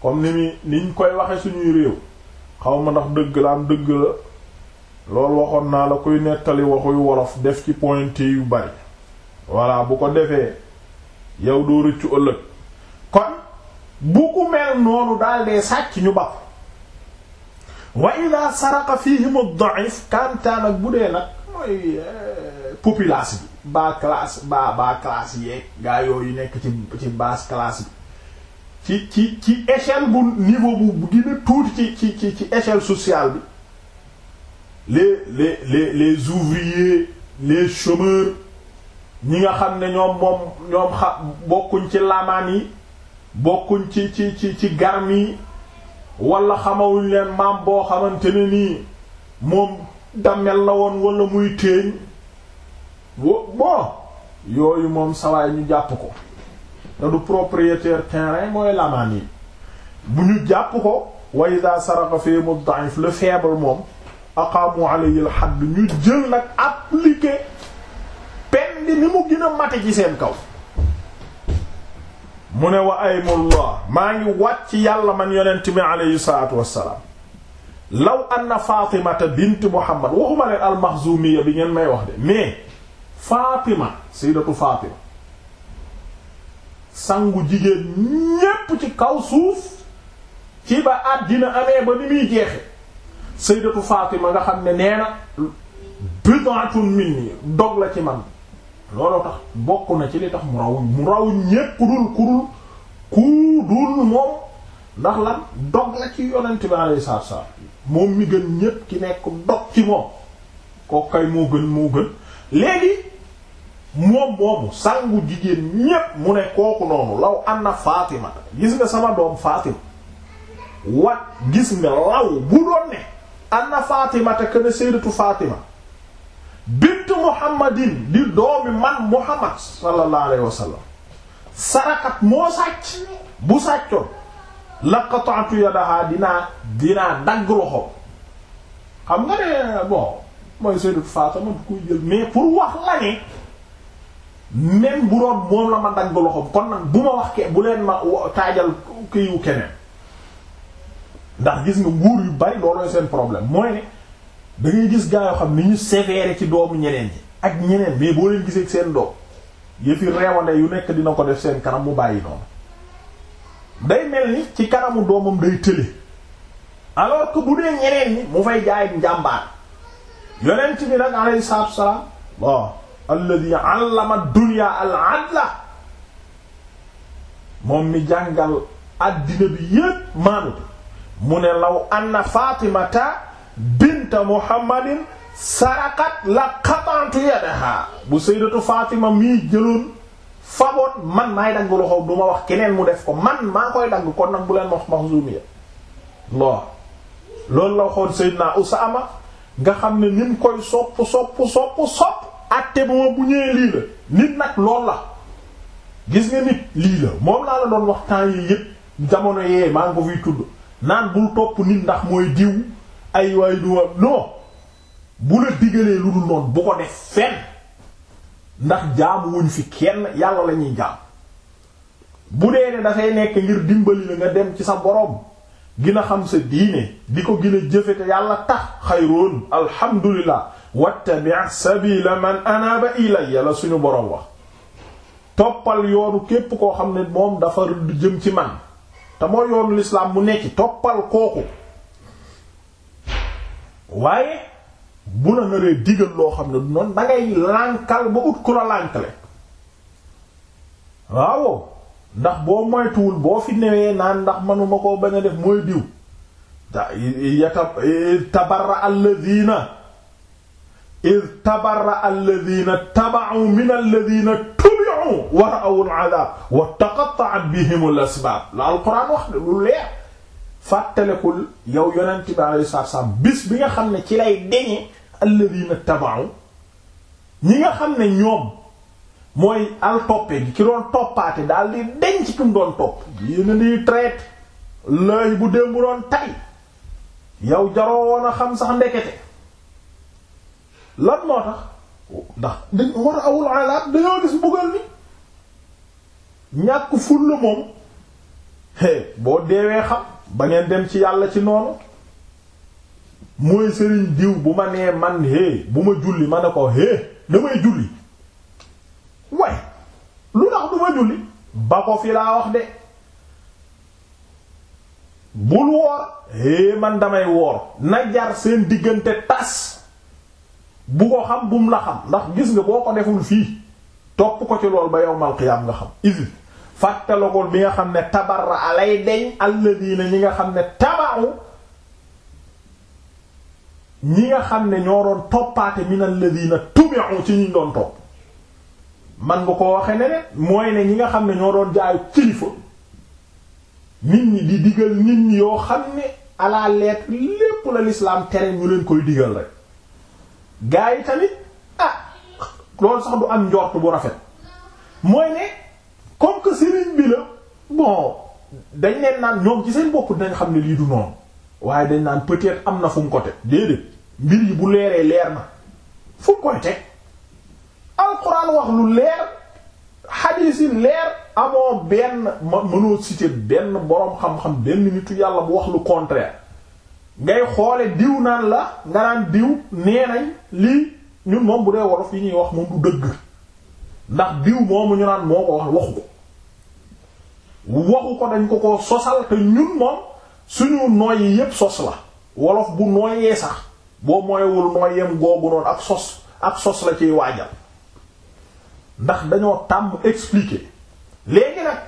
comme ni mi niñ koy waxe suñuy réew xaw ma ndax dëgg la dëgg la loolu waxoon naa la kuy nettali waxuy wolof def ci pointé yu bari voilà bu ko defee yow doo rëccu ëllëg kon bu ku mel noonu daaldee sàcc ñu bàpp wa ida saraqa fihim ad-da'if kantaan ak bu dee nag mooy eh, populace bi bas classe ba bas classe yeeg gaa yooyu nekk ci ci basse classe bi ci ci ci échelle bu niveau bu gën a tuuti ci ci ci échelle sociale bi les les les les ouvriers les chômeurs ñi nga xam ne ñoom moom ñoom xa bokkuñ ci lamaan yi bokkuñ ci ci ci ci garmi yi wala xamawuñ leen maam boo xamante nii moom dammel la woon walla muy téeñ bo bon yooyu moom sawaay ñu jàpp ko te du propriétaire terrain mooy lamaan yi bu ñu jàpp ko wa ida saraka fi muddaif le faible moom aqaamu alayhi al ñu jël nag appliquer peine bi ni mu gën a mate ci seen kaw mu ne wa aymullah maa ngi wàcc yàlla man yonent bi alayhi salaatu wassalaam law anna fatimata bint muhammad waxuma leen almaxzumiya bi ngeen may wax de mais fatima sayyidatu fatima sangu jigéen ñépp ci kaw suuf ci ba àddina amee ba ni muy jeexe sayyidatu Fatima nga xam ne nee na bid'atun minni dog la ci man looloo tax bokk na ci li tax mu raw mu raw ñépp ku dul ku dul ku moom ndax lan dog la ci yonent bi alayhi salaatu salaam moom mi gën ñépp ki nekk dog ci moom kooku kay moo gën moo gën léegi moom moomu sangu jigéen ñépp mu ne kooku noonu law anna Fatima gis nga sama doom Fatima wat gis nga law bu doon ne anna Fatima te que ne sayyidatu Fatima bint Muhammadin di doomi man Muhammad sallallahu alayhi wa sarakat moo sàcc bu sàccoon la qata'tu yadaha dinaa dinaa dagg loxo xam nga ne bon mooy sayyidatu Fatima du koy jël mais pour wax la ne même bu doon moom la ma dagg loxoom kon nag bu ma wax ke bu leen ma taajal kii yu keneen ndax gis nga nguur yu bari loolooy seen problème mooy ne da gis gaa yoo xam ni ñu sévère ci doomu ñeneen ñi ak ñeneen mais boo leen gisee ak seen doom yëfi reewande yu nekk dina ko def seen kanam mu bàyyi noonu day mel ni ci kanamu doomam day tële alors que bu dee ñeneen ñi mu fay jaay njàmbaar yonent bi nag alayhi salaatu wa alladi allama dunya al adla moom mi jàngal àddina bi la man maay dagg loxoom wax keneen mu def ko man maa bu leen wax mahzumiya loo loolu la nga xam ne nin koy sopp sopp sopp atte bu bu ñëwee lii la nit nag lool la gis nga nit lii la moom laa la doon wax temps yi yépp jamono yee maa ngi ko fiy tudd naan bul topp nit ndax mooy diw ay waay du non bu la digalee lu dul noonu bu ko def fenn ndax jaamu wuñ fi kenn yàlla la ñuy jaam bu dee ne dafay nekk ngir dimbali la nga dem ci sa boroom gina a xam sa diine di ko gën a jëfe te yàlla tax xayroon alhamdulillah wattabi' sabila man anaba ilayya la suñu boroom wax toppal yoonu képp koo xam ne moom dafa jëm ci man te mooy yoonu lislaam mu nekk toppal kooku waaye bu la naree digal loo xam ne du noonu dangay lànkal ba ut ku la lànkale waaw ndax boo moytuwul boo fi newee naan ndax manuma ko ba a def mooy diw da yata eh, tabarra id tabarra alladina tabacu min alladina tubicu wa ra'aw al'adaab wa taqatta'at bihim al-asbaab wax de lu leer fàttalekul yow yonent bi alayhi salaatu bis bi nga xam ne ci lay deñe alladina tabacu ñi nga xam ne ñoom mooy al toppe gi ki doon toppaate daal di deñ ci kum doon topp yéena di traite lay bu démb doon tay yow jaroo a xam sax ndekete lan moo tax ndax dañoo gis mbugal ni ñàkk ful la moom boo deewee xam ba ngeen dem ci yàlla ci noonu mooy sëriñ diw bu ma nee man hé bu ma julli ma ne ko hé damay julli way lu tax du ma julli ba ko fi laa wax de bul woor hé man damay woor na jar seen diggante tas bu ko xam bum la xam ndax gis nga boo ko deful fii topp ko ci lool ba yawmal qiyaam nga xam isit fàttalogool bi nga xam ne tabarra alay deñ alladina ñi nga xam ne tabaru nga xam ne ñoo doon toppaate min alladina tubi'u ci ñi doon nga ko waxe ne nga xam ne ñoo doon kilifa nit di digal nit ñi yoo xam ne à la lettre lépp la l'islam tere ñu leen koy digal rek gaa yi tamit ah loolu sax du am njort bu rafet mooy ne comme que sëriñ bi la bon dañ leen naan ñoom ci seen bopp dañ xam ne lii du noonu waaye dañ naan peut-être am na fu mu ko teg déedéet mbir yi bu leeree leer na fu mu koy teg alxuraan wax lu leer xadiis yi leer amoo benn mënoo citer benn boroom xam-xam benn nitu yàlla bu wax lu contraire ngay xoole diw naan la nga naan diw nee nañ lii ñun moom bu dee wolof yi ñuy wax moom du dëgg ndax diw moomu ñu naan moo ko wax waxu ko waxu ko dañ ko ko sosal te ñun moom suñu nooy yi yépp sos la wolof bu nooyee sax boo mooywul nooyeem googu noonu ak sos ak sos la ciy waajal ndax dañoo tàmm expliquer léegi nag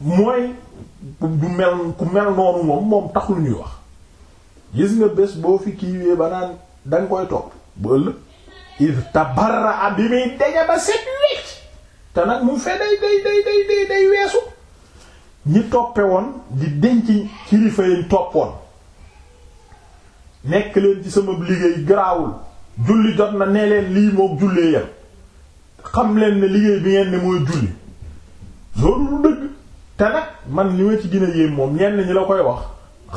mooy du mel ku mel noonu moom moom taxul ñuy wax gis nga bés boo fi kiiwee ba naan danga koy topp bu ëllëg iz tabarra bi muy deñe ba set wecc te nag mu fee day day day day weesu ñi toppe woon di denc kilifa yi toppoon nekk leen ci sama liggéey garaawul julli jot na nee leen lii mook jullee yam xam leen ne liggéey bi ngeen ne mooy julli loolu lu dëgg te nag man li ma ci gën a yéem moom ñenn ñi la koy wax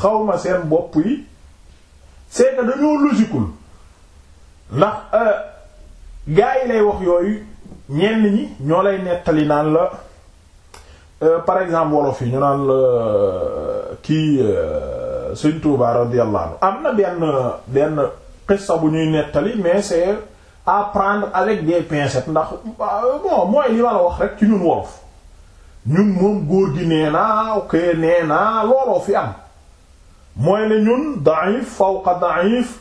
xawma seen bopp yi c'est que dañoo logiqueul ndax euh, gaa yi lay wax yooyu ñenn ñi ñoo lay nettali naan la euh, par exemple wolof yi ñu naan la euh, kii Sëñ Touba radiyallahu anhu am na benn benn xissa bu ñuy nettali mais c'est à avec des pincettes ndax bon mooy li ma wax rek ci ñun wolof ñun moom góor gi nee ok nee looloo fi am. mooy ne ñun da'if fawqa da'if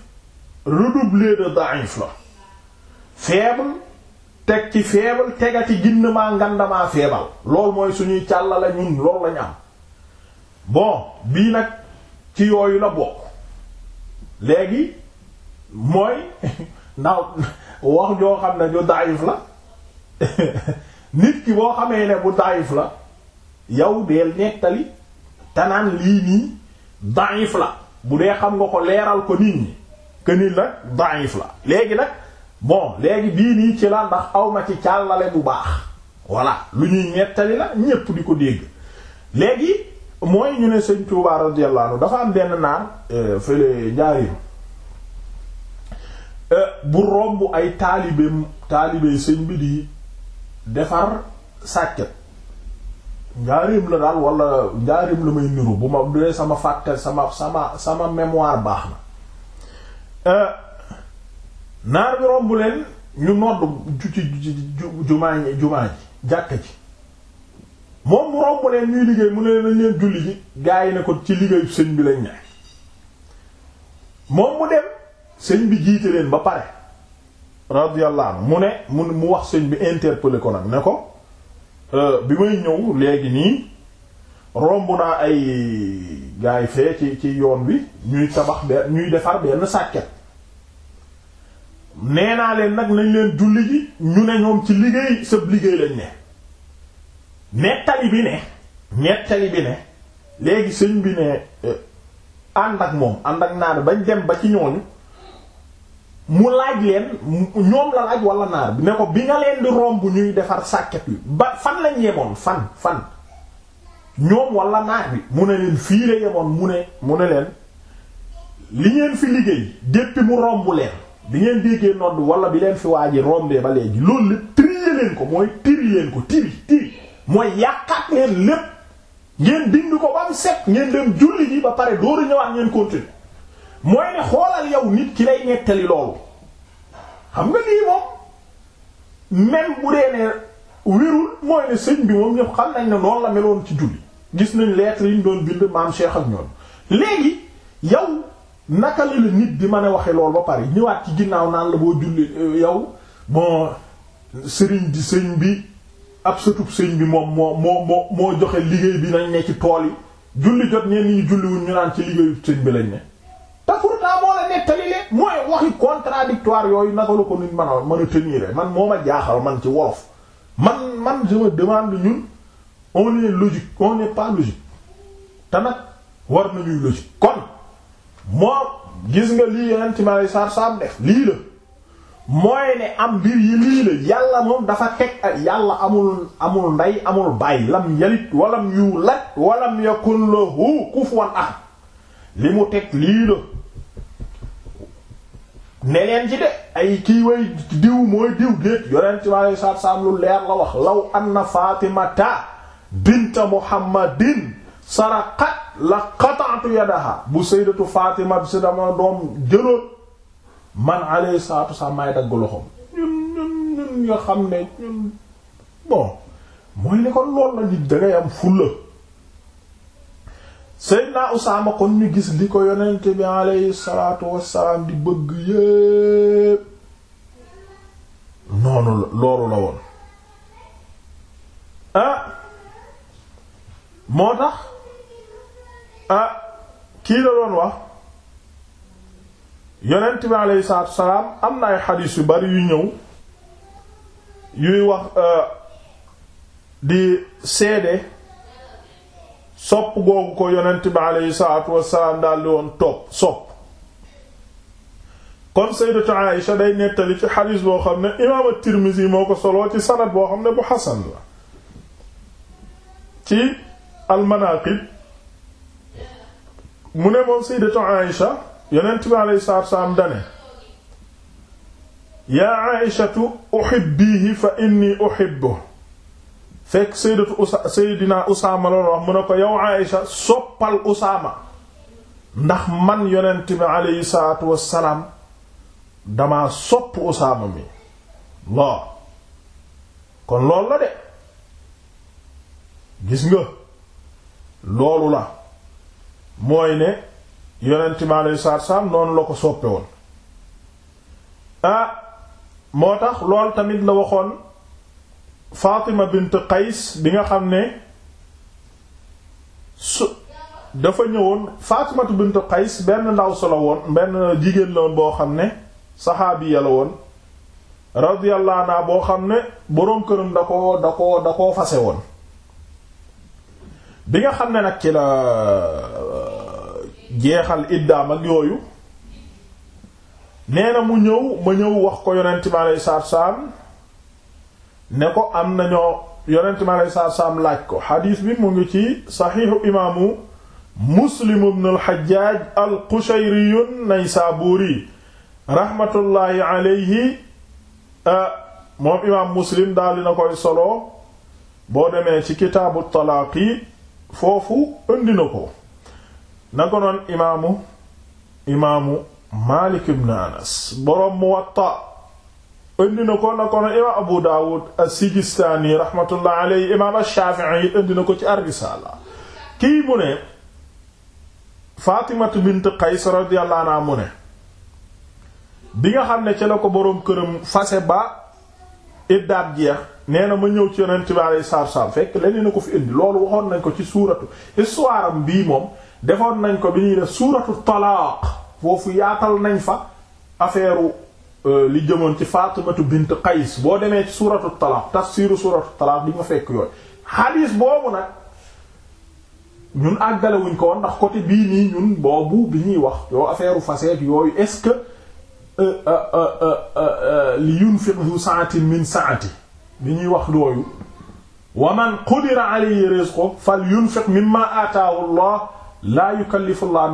redoublé de da'if la faible teg ci faible tegati ginn maa ngandamaa feebal loolu mooy suñuy càll la ñun loolu lañu am bon bii nag ci yooyu la bokk léegi mooy (laughs) ndax wax joo xam ne ñu daayif la (laughs) nit ki boo xamee ne bu daayif la yow deel nettali tanaan lii nii da'if la bu dee xam nga ko leeral ko nit ñi que la nag la léegi nag bon léegi bii nii ci la ndax awma ci càllale bu baax voilà lu ñuy ñettali la ñépp di ko dégg léegi mooy ñu ne sëñ Touba radiyallahu anhu dafa am benn naan euh, fële njaarim euh, bu romb ay taalibeem taalibe sëñ bi di defar sàkket njaareem la daal wala njaareem la may niru bu ma dee sama fàtte sama sama sama mémoire baax na euh, naar bi romb leen ñu nodd ju ci jumaa jumaa ji jàkka ji moom mu romb ñuy liggéey mu ne leen leen julli ji gaa yi ne ko ci liggéeyu sëñ bi lañ ne moom mu dem sëñ bi jiite leen ba pare radiyallahu mu ne mu mu wax sëñ bi interpeller ko nag ne ko Euh, bi may ñëw léegi nii romb naa ay gaay fee ci ci yoon bi ñuy tabax benn ñuy defar benn sàkket nee naa leen nag nañ leen julli ji ñu ne ñoom ci liggéey sab liggéey lañ ne nettali bi ne nettali bi ne léegi sëñ bi ne euh, ànd ak moom ànd ak naa bañ dem ba ci ñooñu mu laaj leen ñoom la laaj wala naar bi ne ko bi nga leen di romb ñuy defar sàkket wi ba fan lañ yemoon fan fan ñoom wala naar bi mu ne leen fii yemoon mu ne mu ne leen li ngeen fi liggéey depuis mu romb leen bi ngeen déggee nodd wala bi leen fi waaji rombee ba léegi loolu lépp trier leen ko mooy tiri leen ko tiri tiri mooy yàqaat leen lépp ngeen bind ko ba mu set ngeen dem julli ji ba pare dooru ñëwaat ñeen continuer mooy ne xoolal yow nit ki lay nettali loolu xam nga lii moom même bu dee ne wérul mooy ne sëñ bi moom ñëpp xam nañ ne noonu la meloon ci julli gis nañ lettres yi ñu doon bind maam Cheikh ak ñoom léegi yow naka la nit di mën a waxe loolu ba pare ñëwaat ci ginnaaw naan la boo julli euh, yow bon sëriñ di sëñ bi ab satub sëñ bi moom moo moo moo moo joxe liggéey bi nañ ne ci tool yi julli jot ñeen ñi julli ñu naan ci liggéeyu sëñ bi lañ ne nettali leen mooy waxi contradictoire yooyu naka la ko nit mën a mën a tenir man moo ma jaaxal man ci wolof man man je demande ñun on est logique on n'est pas logique te nag war nañuy logique kon moo gis nga lii yeneen ci malay sar def lii la mooy ne am mbir yi lii la yàlla moom dafa teg yàlla amul amul ndey amul bàyyi lam yalit walam yulat la yakun lahu kufuwan ahad li mu teg lii la ne leen ci de ay kii way diw mooy diw déet yonent bi alei saatu salaam lu leer la wax law anna fatimata binta muhammadin saraqat la qata'tu yadaha bu sayyidatu fatima bi si dama doom jëloon man alayhi salatu wasalaam maay dagg loxom ñun ñun nga xam ne ñun bon mooy ne lool la nit da am fulla Seydina Usaama kon ñu gis di ko yonent bi aleyhi salaatu wassalaam di bëgg yépp noonu la loolu la woon ah moo tax ah kii la doon wax yonent bi aleyhi salaatu wassalaam am na xadiis yu bari yu ñëw yuy wax ah, di seede sopp googu ko yonent bi aleyhi salaatu wasalaam daldi woon topp sopp kon sayyidatu Aïsha day nettali ci xadiis boo xam ne imaam at-Tirmizi moo ko soloo ci sanad boo xam ne bu xasan la ci al-Manaqib mu ne moom sayyidatu Aïsha yonent bi aleyhi dane yaa Aïshatu uhibbihi fa inni uhibbuhu fekk sayyidatu usa sayyidina usaama loolu wax mu ne ko yow Aïsha soppal usaama ndax man yonent bi aleyhi salaatu wassalaam sopp usaama mi loo kon loolu la de gis nga loolu la mooy ne yonent bi aleyhi salaatu noonu la ko soppe woon ah moo tax lool tamit la waxoon Fatima bint Qays bi nga xam ne su dafa ñëwoon Fatimatu bint Qays benn ndaw sa la woon benn jigéen la boo xam ne saxaabiya la woon radiyallahu naa boo xam ne boroom këram da ko da ko da koo fase woon bi nga xam ne nag ci la euh, jeexal iddaam ak yooyu nee na mu ñëw ma ñëw wax ko yonent bi aleyhi salaatu ne ko am nañoo yonent mi aleyhi salaatu salaam laaj ko xadiis bi mu ngi ci saxiixu imaamu muslim ibn al-Hajjaaj al-Qushayri Naysaabuuri raxmatullaahi aleyhi ah, moom imaam muslim daal dina koy solo boo demee ci kitaabu talaaqi foofu indi na ko na ko noon imaamu imaamu Maalik ibn Anas boroom Muwatta indi na ko na ko na imaam Abu Dawud as-Sijistaani rahmatullah alayhi imaam ash-Shaafi'i it indi na ko ci ar-Risaala kii mu ne Faatimatu bint Qays radiyallahu anha mu ne bi nga xam ne ci la ko boroom këram fase ba iddaab jeex nee na ma ñëw ci yeneen bi alayhi salaatu salaam fekk leneen na ko fi indi loolu waxoon nañ ko ci suuratu histoire bii moom defoon nañ ko bi ñuy def suuratu talaaq foofu yaatal nañ fa affaire Euh, li jëmoon ci Faatimatu bint Qays boo demee ci suuratu Talaaq tafsiiru suuratu Talaaq di nga fekk yooyu xadiis boobu nag ñun àggale wuñ ko woon ndax côté bii nii ñun boobu bi ñuy wax yoo affaire facettes yooyu est-ce que euh, euh, li min sa'ati bi ñuy wax yooyu wa man qudira alayhi rizquhu falyunfiq Allah laa yukallifu Allah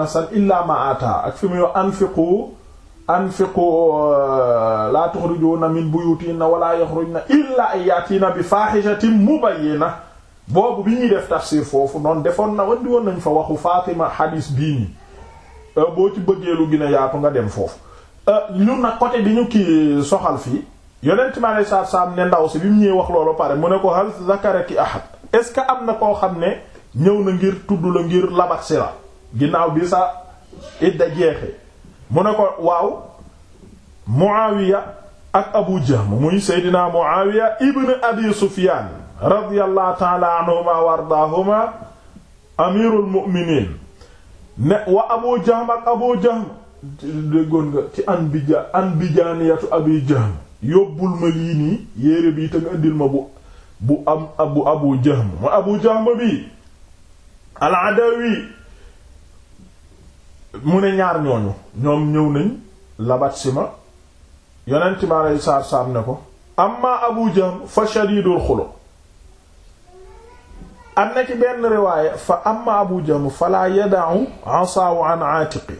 ma ataaha ak fi muy anfiqu anfiqu uh, la tuxrijuna min buyutihinna wala yaxrujna illa an yatiina bi faahishatin mubayyina boobu bi ñuy def tafsir foofu noonu defoon na wandi woon nañ fa waxu Fatima hadis bii nii uh, boo ci bëggee lu gën yaatu nga dem foofu uh, ñun na côté bi ñu kii soxal fii yonent mi alei saatu salaam ne ndaw si bi mu ñëwee wax loolu pare mu ne ko hal zakaraki ahad est ce que am na koo xam ne ñëw na ngir tudd la ngir labat si la ginnaaw bi sa idda jeexe mu ne ko waaw Muawiya ak Abu Jahm muy Seydina Muawiya ibn Abi Sufyan radiyallahu ta'ala anhuma amirul mu'minin ne wa Abu ak Abu déggoon nga ci anbija anbijaaniyatu Abi yóbbul ma lii nii yére bii te nga indil ma bu bu am bu Abu Jahm ma Abu Jahm bi al mu ne ñaar ñooñu ñoom ñëw nañ labat si ma yonent ma lay saar saar ne ko amma abu jahm fa shadidul xulu am na benn riwaaya fa amma abu jahm fala yada'u asahu an aatiqi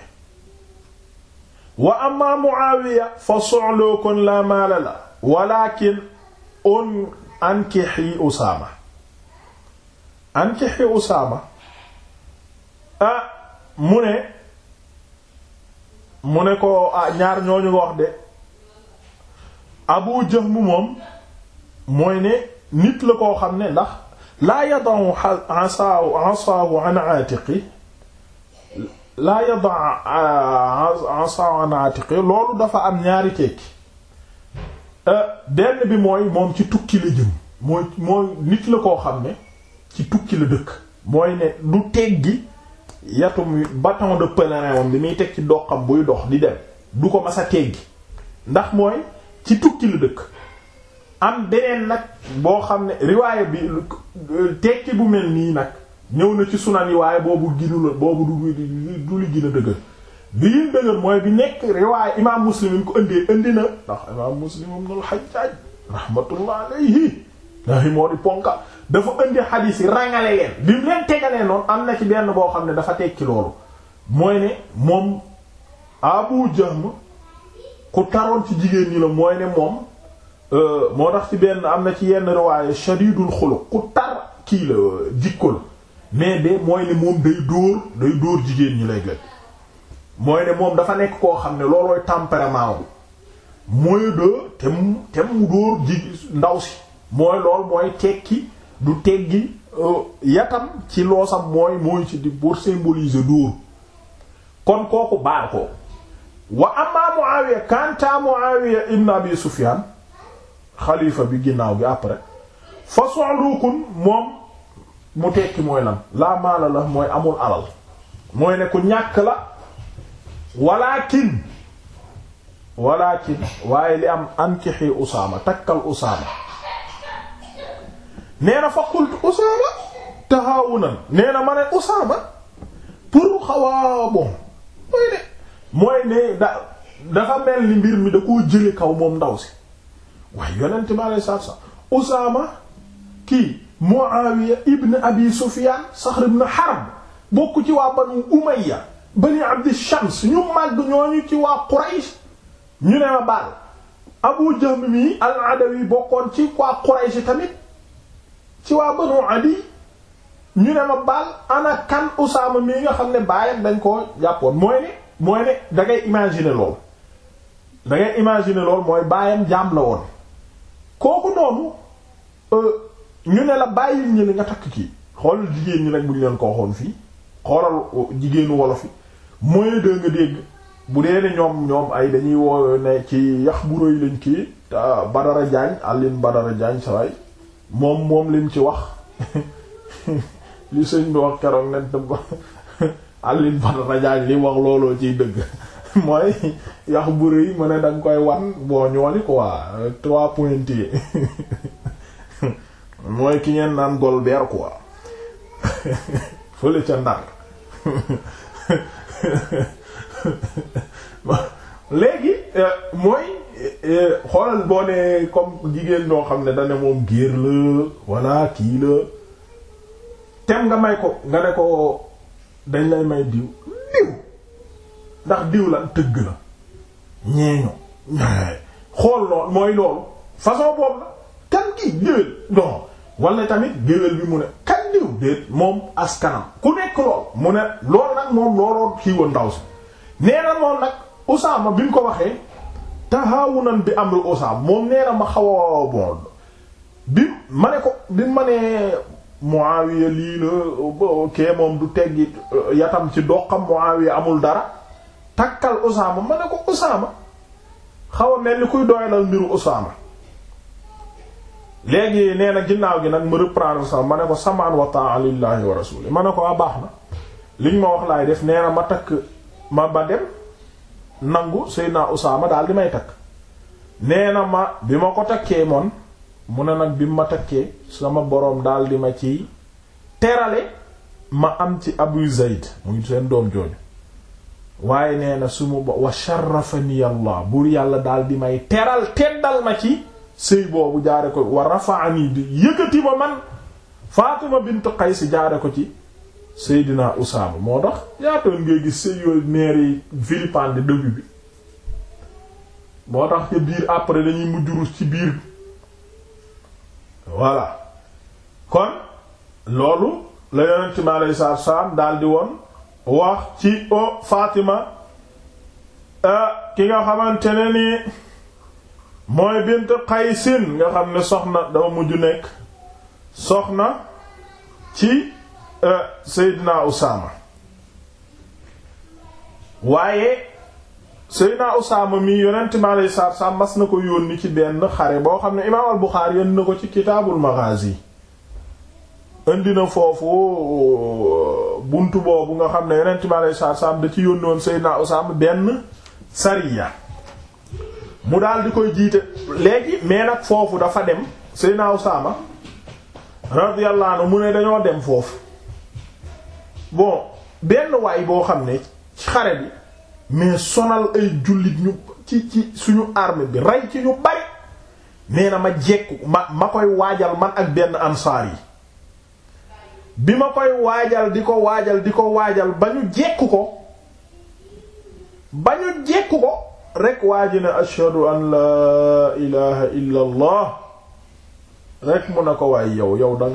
wa amma muawiya fa su'lukun la maala la walakin un ankixi usaama ankixi usaama ah mu ne mu ne ko ah, ñaar ñooñu nga wax de Abu moom mooy ne nit la koo xam ne ndax laa yada'u asaahu asaahu an aatiqi laa yada'u ah, loolu dafa am ñaari tekki euh, benn bi mooy moom ci tukki la jëm mooy mooy nit la koo xam ne ci tukki la dëkk mooy ne du teggi yatum bâton de pèlerin wam bi muy teg ci doxam buy dox di dem du ko mas a teggi ndax mooy ci tukki lu dëkk am beneen nag boo xam ne riwaaya bi tekki bu mel nii nag ñëw na ci sunan yi waaye boobu ginu la boobu du du a dëgër bi gën dëgër mooy bi nekk riwaaya imaam muslim yi ko indee indi na ndax imaam muslim ibn al-Hajjaj rahmatullah alayhi ndax moo di ponka dafa indi xadiis yi rangale leen bi mu leen tegalee noonu am na ci benn boo xam ne dafa tekki loolu mooy ne moom Abu Jahm ku taroon ci jigéen ñi la mooy ne moom euh, moo tax ci benn am na ci yenn riwaaye shadidul xuluq ku tar kii la mais de mooy ne moom day dóor day dóor jigéen ñi lay gën mooy ne moom dafa nekk koo xam ne loolooy tempérament bi mooy de te mu te mu dóor ndaw si mooy lool mooy tekki du teggi euh, yatam ci loosam mooy mooy ci di pour symboliser dóor kon kooku baal ko wa amma Muawiya kanta Muawiya ibn Abi Sufyan xalifa bi ginnaaw bi après fa su'lukun moom mu tekki mooy lan laa maala la mooy amul alal mooy ne ku ñàkk la walakin walakin waaye li am ankixi Usaama takkal Usaama nee na fa qultu Usaama tahaawunan nee na ma ne Usaama pour xaw a bon mooy ne mooy ne da dafa mel ni mbir mi da koo jële kaw moom ndaw si waaye yonente bi alei satu selaam Usaama kii Muawiya ibn Abi Sufyaan Saxr ibn Harb ci waa Banu Umayya Bani Abdi Shams ñu màgg ñooñu ci waa Quraysh ñu ne ma baal Abu Jahm al-Adawi bokkoon ci waa Quraysh tamit ci waa Banu Adi ñu ne ma baal a kan Usaama mii nga xam ne baayam dañ koo jàppoon mooy ne mooy ne da ngay imaginer lool da ngay lool mooy baayam jaam la woon kooku noonu euh, ñu ne la bàyyil ñële nga takk kii xoolal jigéen ñi rek bu ñu leen ko waxoon fii xoolal euh, jigéenu wolof yi mooy dëgg nga dégg bu dee ne ñoom ñoom ay dañuy woo ne ci yax bu rëy lañ kii Badara Diagne Aline Badara Diagne saway moom moom lim ci wax (laughs) li sëñ bi wax keroog ne dëgg (laughs) Alioune Badara Diagne li wax looloo ciy dëgg (laughs) mooy yax bu rëy mu ne da koy wan boo ñooli quoi trois pointés mooy ki ngeen naan Golbert quoi fële ca ndar léegi euh, mooy. xoolal boo ne comme jigéen ñoo xam ne dane moom géer la walla kii la tem nga may ko nga ne ko dañ lay may diw diw ndax diw la tëgg la ñeeño xool lool mooy loolu façon boobu la kan kii géwél non wala tamit géwél bi mu ne kan diw déet moom askanam ku nekk lool mu ne loolu nag moom looloo kii woon ndaw si nee na moom nag Usaama bi mu ko waxee tahaawunan bi amri Usaama moom nee ma xaw bon bi ma ne ko bi ma nee Muawiya lii la kee moom du teggi euh, yatam ci doxam Muawiya amul dara takkal Usaama ma ne ko Usaama xaw mel ni kuy doyalal mbiru Usaama léegi nee ginnaaw gi nag ma reprendre sax ma ne ko samaan wa ta'a lillahi wa rasuli ma ne ko a ah, baax na liñ ma wax laay def nee ma takk ma ba dem nangu Seydina Usaama daal di may takk nee na ma bi ma ko takkee moon mu ne nag bi ma takkee sama boroom daal di ma ci terale ma am ci Abu Zayd muy seen doom jooju waaye nee na su mu ba wa sharrafani buur yàlla daal di may teral teddal ma ci sëy boobu jaare ko wa rafa'ani di yëkkati ma man Fatima bint Qays jaare ko ci Seydina Usaama moo tax yaatoon ngay gis sëy yooyu maire yi vilipendé début bi moo tax ca biir après dañuy mujj ci biir voilà kon loolu la yonent mi alayhi salaatu salaam daal woon wax ci o Fatima ki nga xamante ne ni mooy bint Qaysin nga xam ne soxna dama mujj nekk soxna ci Euh, Seydina Usaama waaye Seydina Usaama mi yonent mi alayhi salaatu salaam mas na ko yónni ci benn xare boo xam ne imaam al-Buxaari yónni na ko ci kitaabul Maghaazi indi na foofu euh, bunt boobu nga xam ne yonent mi alayhi da ci yónni woon Seydina Usaama benn sariya mu dal di koy jiite léegi mais nag foofu dafa dem Seydina Usaama radiyallahu anhu mu ne dañoo dem foofu bon benn waay boo xam ne ci xare bi mais sonal ay jullit ñu ci ci suñu arme bi rey ci ñu bari nee na ma jekku ma ma koy waajal man ak benn ansaar yi bi ma koy waajal di ko waajal di ko waajal ba ñu jekku ko ba ñu jekku ko rek waaji ne ashhadu an laa ilaha illa rek mun na ko waay yow yow da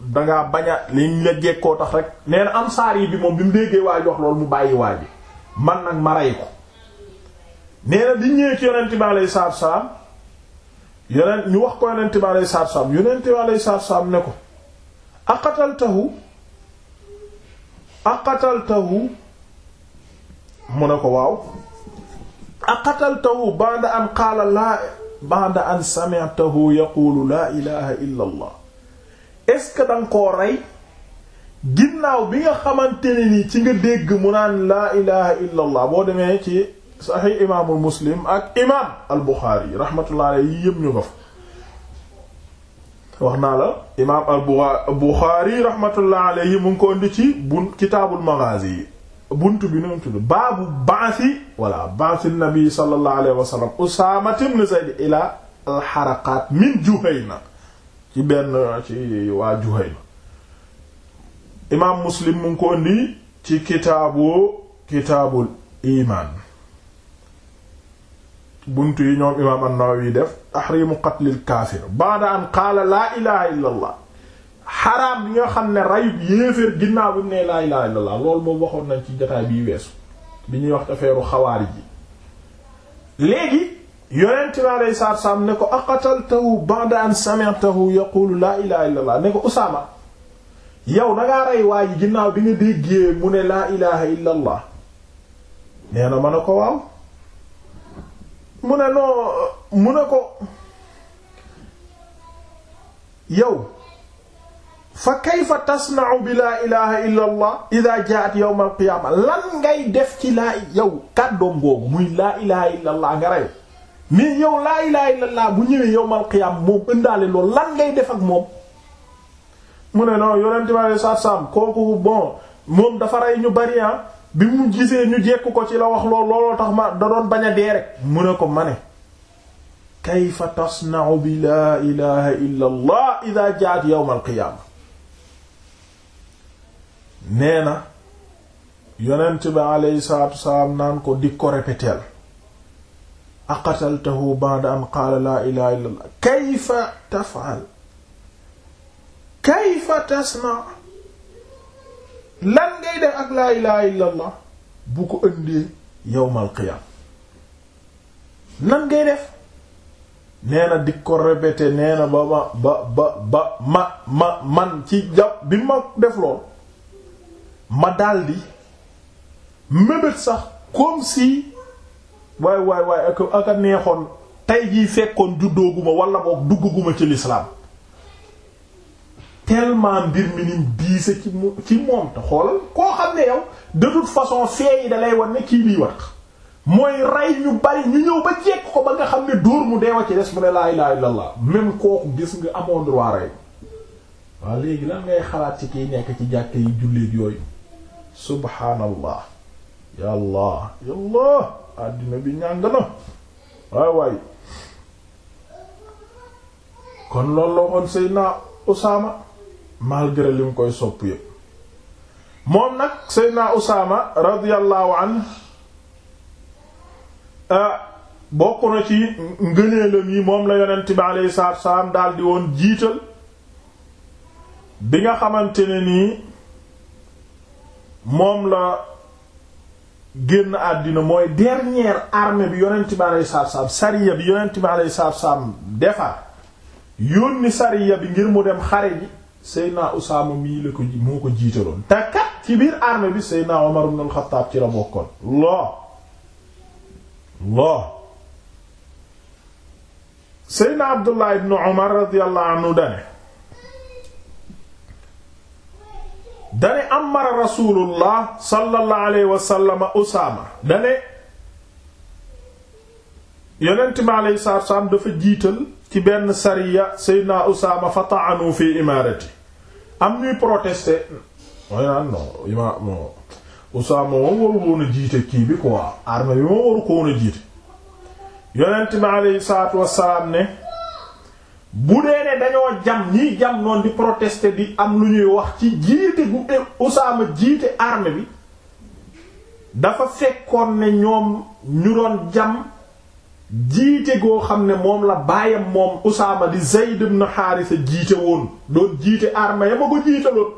dangaa baña a liñ la jekkoo tax rek nee na ansaar yi bi moom bi mu déggee waaj wax loolu mu bàyyi waaj bi man nag ma rey ko nee na di ñëwee ci yonent bi alayhi salaatu yonent ñu wax ko yonent bi alayhi salaatu salaam yonent bi alayhi salaatu salaam ne ko aqataltahu aqataltahu mu ne ko waaw aqataltahu ba'da an qaala laa ba'da an sami'tahu yaqulu laa ilaha illa est-ce que danga koo rey ginnaaw bi nga xamante ne nii ci nga dégg mu naan laa ilaha illa allah boo demee ci saxix imaamul muslim ak imam al buxaari rahmatullah alayhi yi yëpp wax naa la imaam al buxaari rahmatullah alayhi mu ngi ko indi ci bun kitaabul maghazi bunt bi noonu tudd baabu baasi wala baasi nabi sallallahu alayhi wa sallam usaama ibn zayd ila al min juhayna ci benn ci waa Juhayma imaam Muslim mu ngi ko indi ci kitaabu kitaabul iman buntu yi ñoom imaam an def tahrimu qatlil kaafir ba'da an qaala laa ilaha illa allah xaraam bi nga xam ne rayub yéeféer ginnaaw bi mu ne laa ilaha illa allah loolu moom waxoon nañ ci jotaay bii weesu bi ñuy wax affaire xawaari ji léegi yonent bi alayhi salaatu wa ne ko aqataltahu ba'da an sami'tahu yaqulu laa ilaaha illallah ne ko Usaama yow dangaa rey waa ginnaaw bi nga déggee mu ne laa ilaaha illallah nee na ma ne ko waaw mu ne noo mu ne ko yow fa kayfa tasna'u bi laa ilaaha illallah idhaa jaa'at yawm al-qiyaama lan ngay def ci laa yow kàddoom googu muy laa ilaaha illallah nga rey mais yow laa ilaha illallah bu ñëwee yowmal qiyaam moom ëndaale loolu lan ngay def ak moom mu ne non yonente bi sa sam kooku bon moom dafa rey ñu bari ah. bi mu gisee ñu jekk ko ci la wax lool looloo tax ma da doon bañ rek mu ne ko ma ne kayfa tasna'u bi laa ilaha illa allah jaat yowm qiyaama nee na yonent bi aleyhi salatu wasalaam naan ko di ko répéteel aqataltahu ba'da an qaala laa ilaha illa allah kayfa taf'al kayfa tasma lan ngay def ak laa ilaha illa allah bu ko ëndee yawmal qiyaam nan ngay def nee di ko répéter nee ba ba ba ba ma ma man ci jàpp bi ma def lool ma daldi mébét sax comme si waay waay waay ak ak neexoon tey jii fekkoon juddooguma wala boog duggaguma ci lislaam tellement mbir mi nim diise ci moom te xoolal koo xam ne yow de toute façon fee yi da lay wan ne kii lii wax mooy rey ñu bari ñu ñëw ba jekk ko ba nga xam ne dóor mu deewa ci des mu ne laa ilaha illallah même kooku gis nga amoon droit rey waaw léegi lan ngay xalaat ci kiy nekk ci jàkke yi julleeg yooyu subhaanallah yàlla yàlla àddina bi ñàng na waay waay kon loolu la waxoon Seydina Usaama malgré li koy sopp yëpp moom nag Seydina Usaama radiyallahu an ah, bokk na ci ngëneelam yi moom la yonent bi aleyhi salaatu salaam daal di woon jiital bi nga xamante ne nii moom la génn àddina mooy dernière armée bi yonent bi alayhi salaatu salaam sariya bi yonent bi alayhi salaatu salaam defar yónni sariya bi ngir mu dem xare ji Seydina Usaama mii la ko moo ko jiitaloon te ci biir armée bi Seydina Umar ibn al ci la bokkoon loo loo Seydina Abdullah ibn Umar radiyallahu anhu dane dane amara rasulullah sallallahu alayhi wasallama usaama dane yonent bi alayhi salaatu wasalaam dafa jiital ci benn sariya seydina usaama fa taanu fi imaarati am ñuy protester usaama moom waru woon jiite kii bi quoi armée bi moom waru ko jiite yonent bi alayhi salaatu wasalaam ne bu dee ne dañoo jam ñiy jam noonu di protester di am lu ñuy wax ci jiite gu eh, Usaama jiite armée bi dafa fekkoon ne ñoom ñu doon jam jiite goo xam ne moom la baayam moom Usaama di Zayd na Haarisa jiite woon doon jiite arme ya ma ko jiitaloon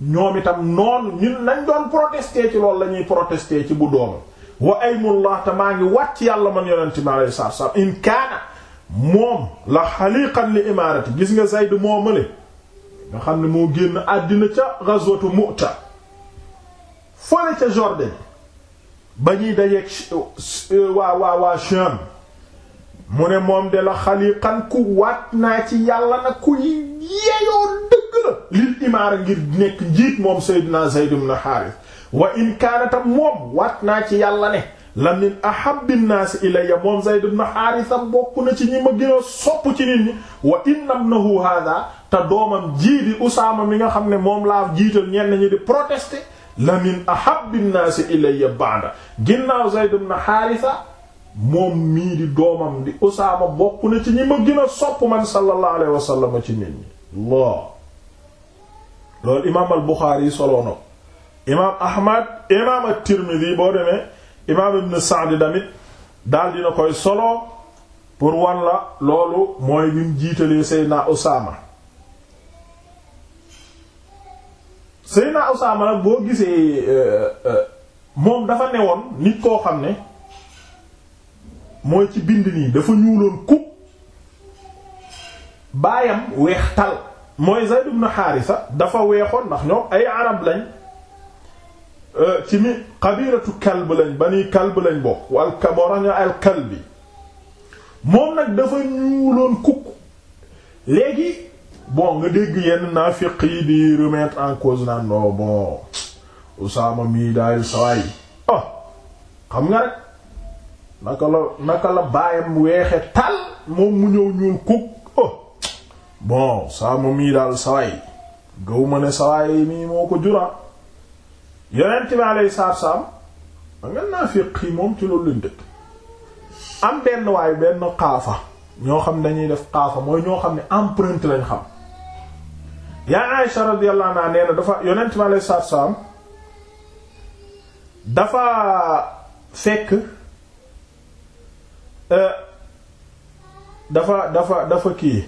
ñoom itam noonu ñu lañ doon protester ci loolu la ñuy protester ci bu doom wa aymullah te maa ngi wàcc yàlla ma yonente mi alayhi in kaana moom la xaliqan li imaarati gis nga Zayd moomale nga xam ne moo génn àddina ca ghazwatu Mu'ta fole ca Jordan ba ñuy euh, waa waa waa Sham mu ne moom de la xaliqan ku waat naa ci yàlla na ku yeyoo dëgg la lil imaara ngir nekk njiit moom Seydina Zayd ibn Haarith wa in moom waat naa ci yàlla ne la min ahabbi moom Zayd ibn Haarisa bokk na ci ñi ma gën a sopp ci nit ñi wa inna ibnahu haada te doomam jii di Usaama mi nga xam ne moom laa jiital ñenn ñi di protester la min ahabbi nnaasi ilayya ba'da ginnaaw Zayd ibn Haarisa moom mii di doomam di Usaama bokk na ci ñi ma gën sopp man sallallahu alayhi wa ci nit ñi loolu imaam al Buxaari yi soloonoo imaam Ahmad imaam at-Tirmidhi boo demee imaam ibn Sa'd tamit daal dina koy solo pour wan la loolu mooy bi mu jiitalee Seydina Usaama Seydina Usaama nag boo gisee euh, euh, moom dafa newoon nit koo xam ne mooy ci bind nii dafa ñuuloon kub baayam weex tal mooy Zayd ibn Haarisa dafa weexoon ndax ñoom ay arab lañ Euh, ci mi xabiiratu kalb lañ bani kalb lañ bokk wal kamoraño al moom nag dafa ñuuloon kukk léegi bon nga dégg yenn naafiq yi di remettre en cause naan no bon mii daay sawaay oh xam nga rek naka la naka la baayam weexe tal moom mu ñëw ñuul kukk oh bon Usaama mii daal sawaay gaw ma ne sawaay mii moo ko jura yonent bi alayhi salaatu salaam ma nga naafiq yi moom ci loolu lañ dëkk am benn waaye benn xaafa ñoo xam dañuy def xaafa mooy ñoo xam ne empreinte lañ xam yaa Aisha radiyallahu anha nee dafa yonent bi alayhi dafa fekk euh, dafa dafa dafa kii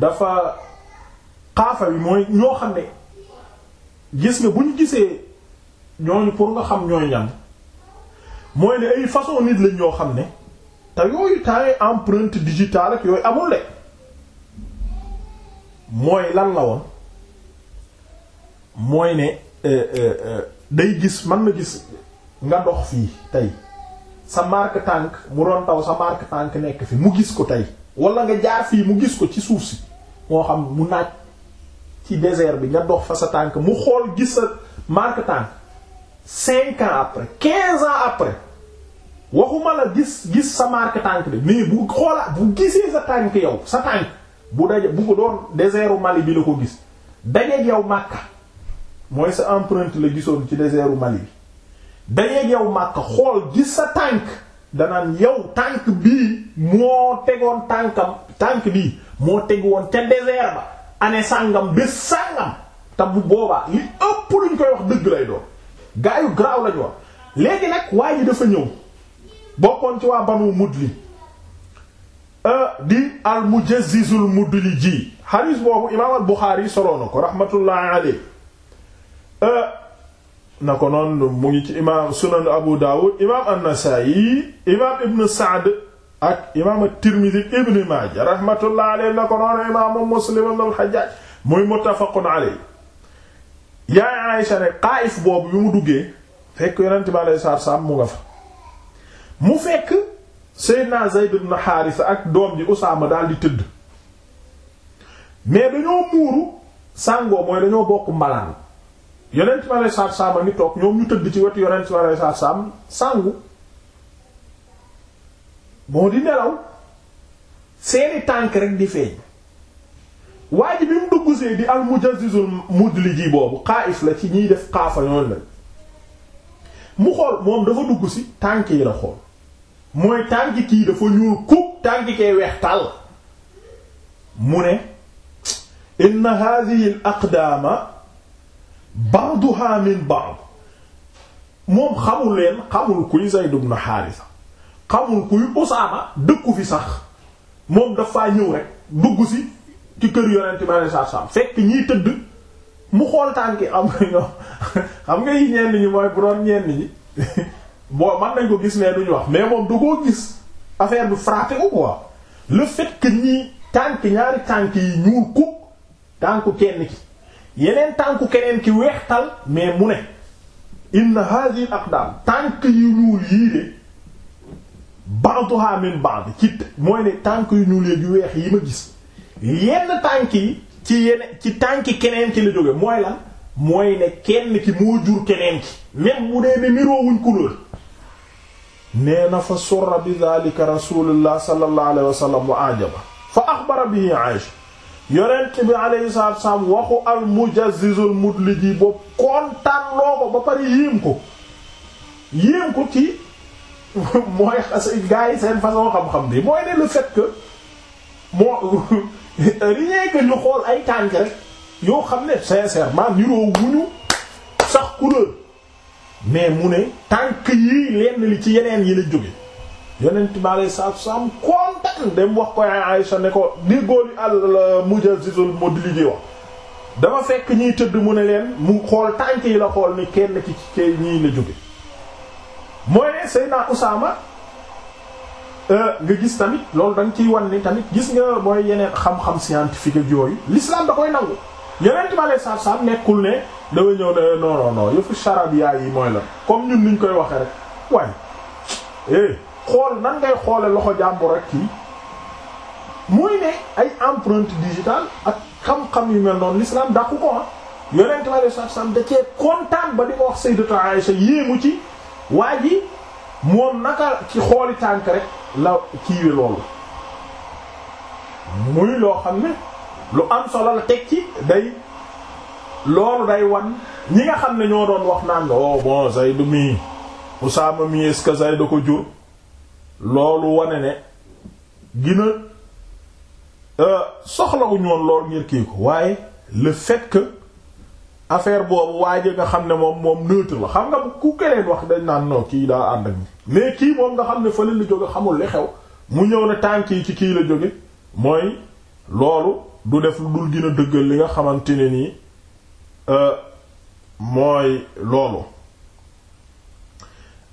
dafa xaafa bi mooy ñoo xam ne gis nga bu ñu gisee ñooñu pour nga xam ñooy ñan mooy ne ay façon nit lañ ñoo xam ne te yooyu taay empreinte digitale ak yooyu amul de mooy lan la woon mooy ne euh, euh, euh, day gis man na gis nga dox fii tey sa marque tànk mu doon taw sa marque tànk nekk fi mu gis ko tey wala nga jaar fii mu gis ko ci suuf si moo xam mu naaj ci désert bi nga dox fa sa tànk mu xool gis sa marque tànk cinq ans après quinze ans après waxuma la gis gis sa marque tànk bi mais bu xoola bu gisee sa tànk yow sa tànk bu daje doon désertu Mali bi la ko gis dajeeg yow Makka mooy sa empreinte la gisoon ci désertu Mali bi yow Makka xool gis sa tànk danaan yow tànk bii moo tegoon tànkam tànk bii moo teg woon ca désert ba année sàngam bés sàngam te bu boobaa li ëpp luñ koy wax dëgg lay doon gaa yu garaaw lañu wax léegi nag waa ji dafa ñëw bokkoon ci waa banu mudli euh, di al mujazzizul mudli ji xaris boobu imaam al buxaari soloo na ko rahmatullahi alayhi euh, na ko noonu mu ngi ci imaam sunan abu dawud imaam an-nasa'i imaam ibn sa'd ak imaam Tirmidi ibn rahmatullah alayhi na ko noonu imaamu Muslim ibn al-Hajjaj muy muttafaqun alayhi yaay Aysa ne Taayif boobu bi mu duggee fekk yonent bi alayhi mu nga fa mu fekk Seydina Zayd ibn ak doom ji Usaama daal di tëdd mais dañoo muuru sàngoo mooy dañoo bokk mbalaan yonent bi alayhi a ngi toog ñoom ñu tëdd ci wetu yonent bi alayhi moo di nelaw seeni tànk rek di feeñ waa ji bi mu dugg see di al mujazzizul mudliji boobu xaayif la ci ñiy def xaafa yoon la mu xool moom dafa dugg si tànk yi la xool mooy tànk kii dafa ñuul kub tànk weex tàll mu ne inna hadhihi al aqdama ba'daha min ba'd moom xamul leen xamul kuy Zayd ibn Haarisa xamul kuy Usaama dëkku fi sax moom dafa ñëw rek dugg si ci kër yonent bi alayhi salaam fekk ñiy tëdd mu xool tànki am nga xam nga yi ñenn ñi mooy bu doon ñenn ñi boo man nañ ko gis ne duñu wax mais moom du koo gis affaire bi frappé ko quoi le fait que ñii tànk ñaari tànk yi ñuul kuk tànku kenn ki yeneen tànku keneen ki weextal mais mu ne inna hadhihi al tànk yu ñuul yii de ba'daha min ba'd ci mooy ne tànk yu ñuul yu weex yi ma gis yenn tànk yi ci yenn ci tànki keneen ki la jóge mooy lan mooy ne kenn ki moo jur keneen ki même bu dee ne niroowuñ couleur nee na fa surra bi dhalika rasulullah sallallahu alayhi wa wa ajaba fa axbara bihi Aïsha yonent bi alayhi salatu wassalam waxu al mujazzizul mudliji boobu kontaan ko ba pare yéem ko yéem ko ci (laughs) mooy gars yi seen façon xam-xam bi moo ne le fait que moo (laughs) rien que ñu xool ay tànk rek yoo xam ne sincèrement niroo wuñu sax couleur mais mu ne tànk yii lenn li ci yeneen yi la jóge yonent bi alei salatu salaam kontaan dem wax koy Aïcha ne ko di góoli al mujazzizul mudli di wax dama fekk ñiy tëdd mu ne leen mu xool tànk yi la xool ni kenn ci ci ñii la jóge mooy ne Seydina Usaama euh, nga gis tamit loolu da nga ciy wan ni tamit gis nga mooy yeneen xam-xam scientifique ak yooyu l'islam da koy nangu yeneen tibale saab saab nekkul ne danga ñëw ne non non non yëfu charabia yi mooy la comme ñun niñ koy waxee rek waaye eh, xool nan ngay xoole loxo jàmbur rek kii muy ne ay empreinte digitale ak xam-xam yu mel noonu l'islam dàqu ko ma ah. yeneen tibale saab saab da cee kontaan ba di ko wax Sayyidatu Aïsha yéemu ci waa ji moom naka ci xooli tànk rek la kiiwe loolu muy loo xam ne lu am solal teg ci day loolu day wan ñi nga xam ne ñoo doon wax naan oh bon Zayd mi Usaama mi est-ce que ko jur loolu wane ne gina euh, soxlawuñu woon lool ngir kii ko waaye le fait que affaire boobu waaye nga xam ne moom moom neutre la xam nga ku keneen wax dañ naan non kii daa ànd ak mais kii moom nga xam ne fële la jóge xamul li xew mu ñëw ne tànk yi ci kii la jóge mooy loolu du def lu dul dina dëggal li nga xamante ne nii euh, mooy loolu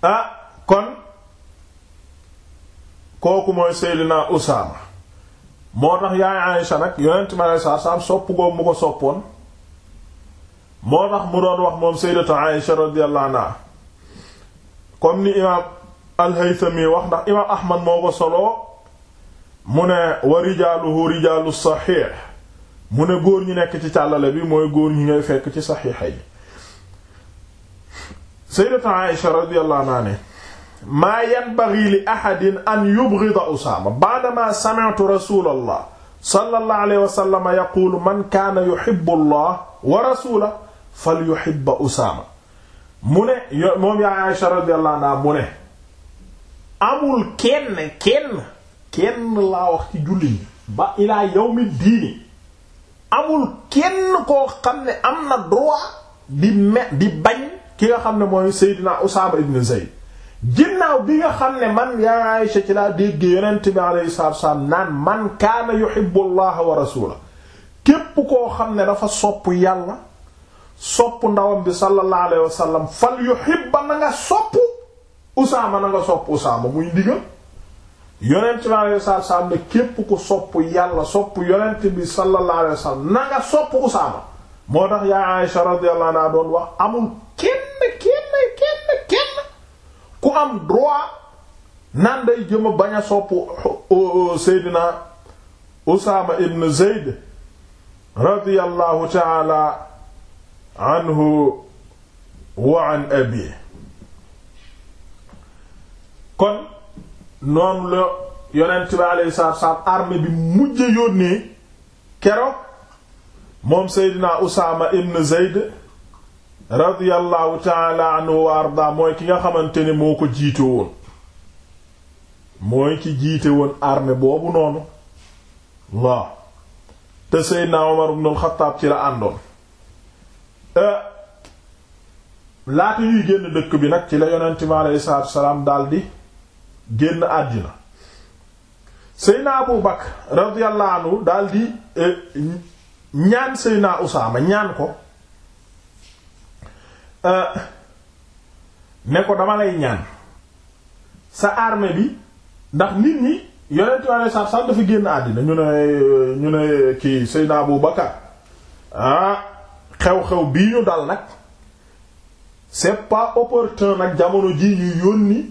ah kon kooku mooy Seydina Usaama moo tax yaay Aisha nag yonent ma lay saa saam sopp googu mu ko soppoon moo tax mu doon wax moom sayyidatu Aïsha radiyallahu anha comme ni imaam al-Haythami wax ndax imaam Ahmad moo ko soloo mu ne wa rijaaluhu rijaalu saxiix mu ne góor ñi nekk ci càllale bi mooy góor ñi ngay fekk ci saxiixa yi sayyidatu Aïsha radiyallahu anha ne maa yanbaghi li ahadin an yubghida Usaama ba'dama sami'tu rasulallah sallallahu alayhi wa sallam yaqulu man kaana yuhibbu Allah wa rasulahu fal yuhibba Usaama ne moom yaa Aysha radiyallahu anha mu ne amul kenn kenn kenn laa wax ci julli ba ilaa yawmi amul kenn koo xam ne am na droit di me di bañ ki nga xam ne mooy Seydina Usaama ibn Zayd ginnaaw bi nga xam ne man yaa Aysha ci laa dégg yonent bi alayhi naan man kaana yuhibbu Allaha wa rasuulahu képp koo xam ne dafa sopp yàlla sopp ndawam bi sallallahu alayhi wa sallam fal yuhibba na nga sopp usaama na sopp usaama muy ndigal yonent bi alayhi salaam ne képp ku sopp yàlla sopp yonent bi sallallahu alayhi wa sallam sopp usaama moo tax yaa Aisha radiyallahu anha doon wax amul kenn kenn kenn kenn ku am droit naan day jëma a sopp uh, uh, Seydina Usaama ibn Zayd radiyallahu ta'ala anhu wa an kon noonu la yonent bi alayhi salaatu salaam armée bi mujj yónnee keroog moom Seydina Usaama ibn Zayd radiyallahu taala anhu arda mooy ki nga xamante ne moo ko jiite woon mooy ki jiite woon armée boobu noonu waaw te Seydina Umar ibn al-Khattab ci la àndoon Euh, laata yuy génn dëkk bi nag ci la yonent mi aleyhi salaatu salaam daldi génn àddina Seyna Abu Bakr radiyallahu anhu daldi euh, ñaan Seyna Usaama ñaan ko euh, ne ko dama lay ñaan sa armée bi ndax nit ñi yonent mi aleyhi salaatu salaam dafa génn àddina ñu ne ñu ne kii Seyna Abu Bakr ah, xew-xew bii ñu dal nag c'est pas opportun nag jamono ji ñu ni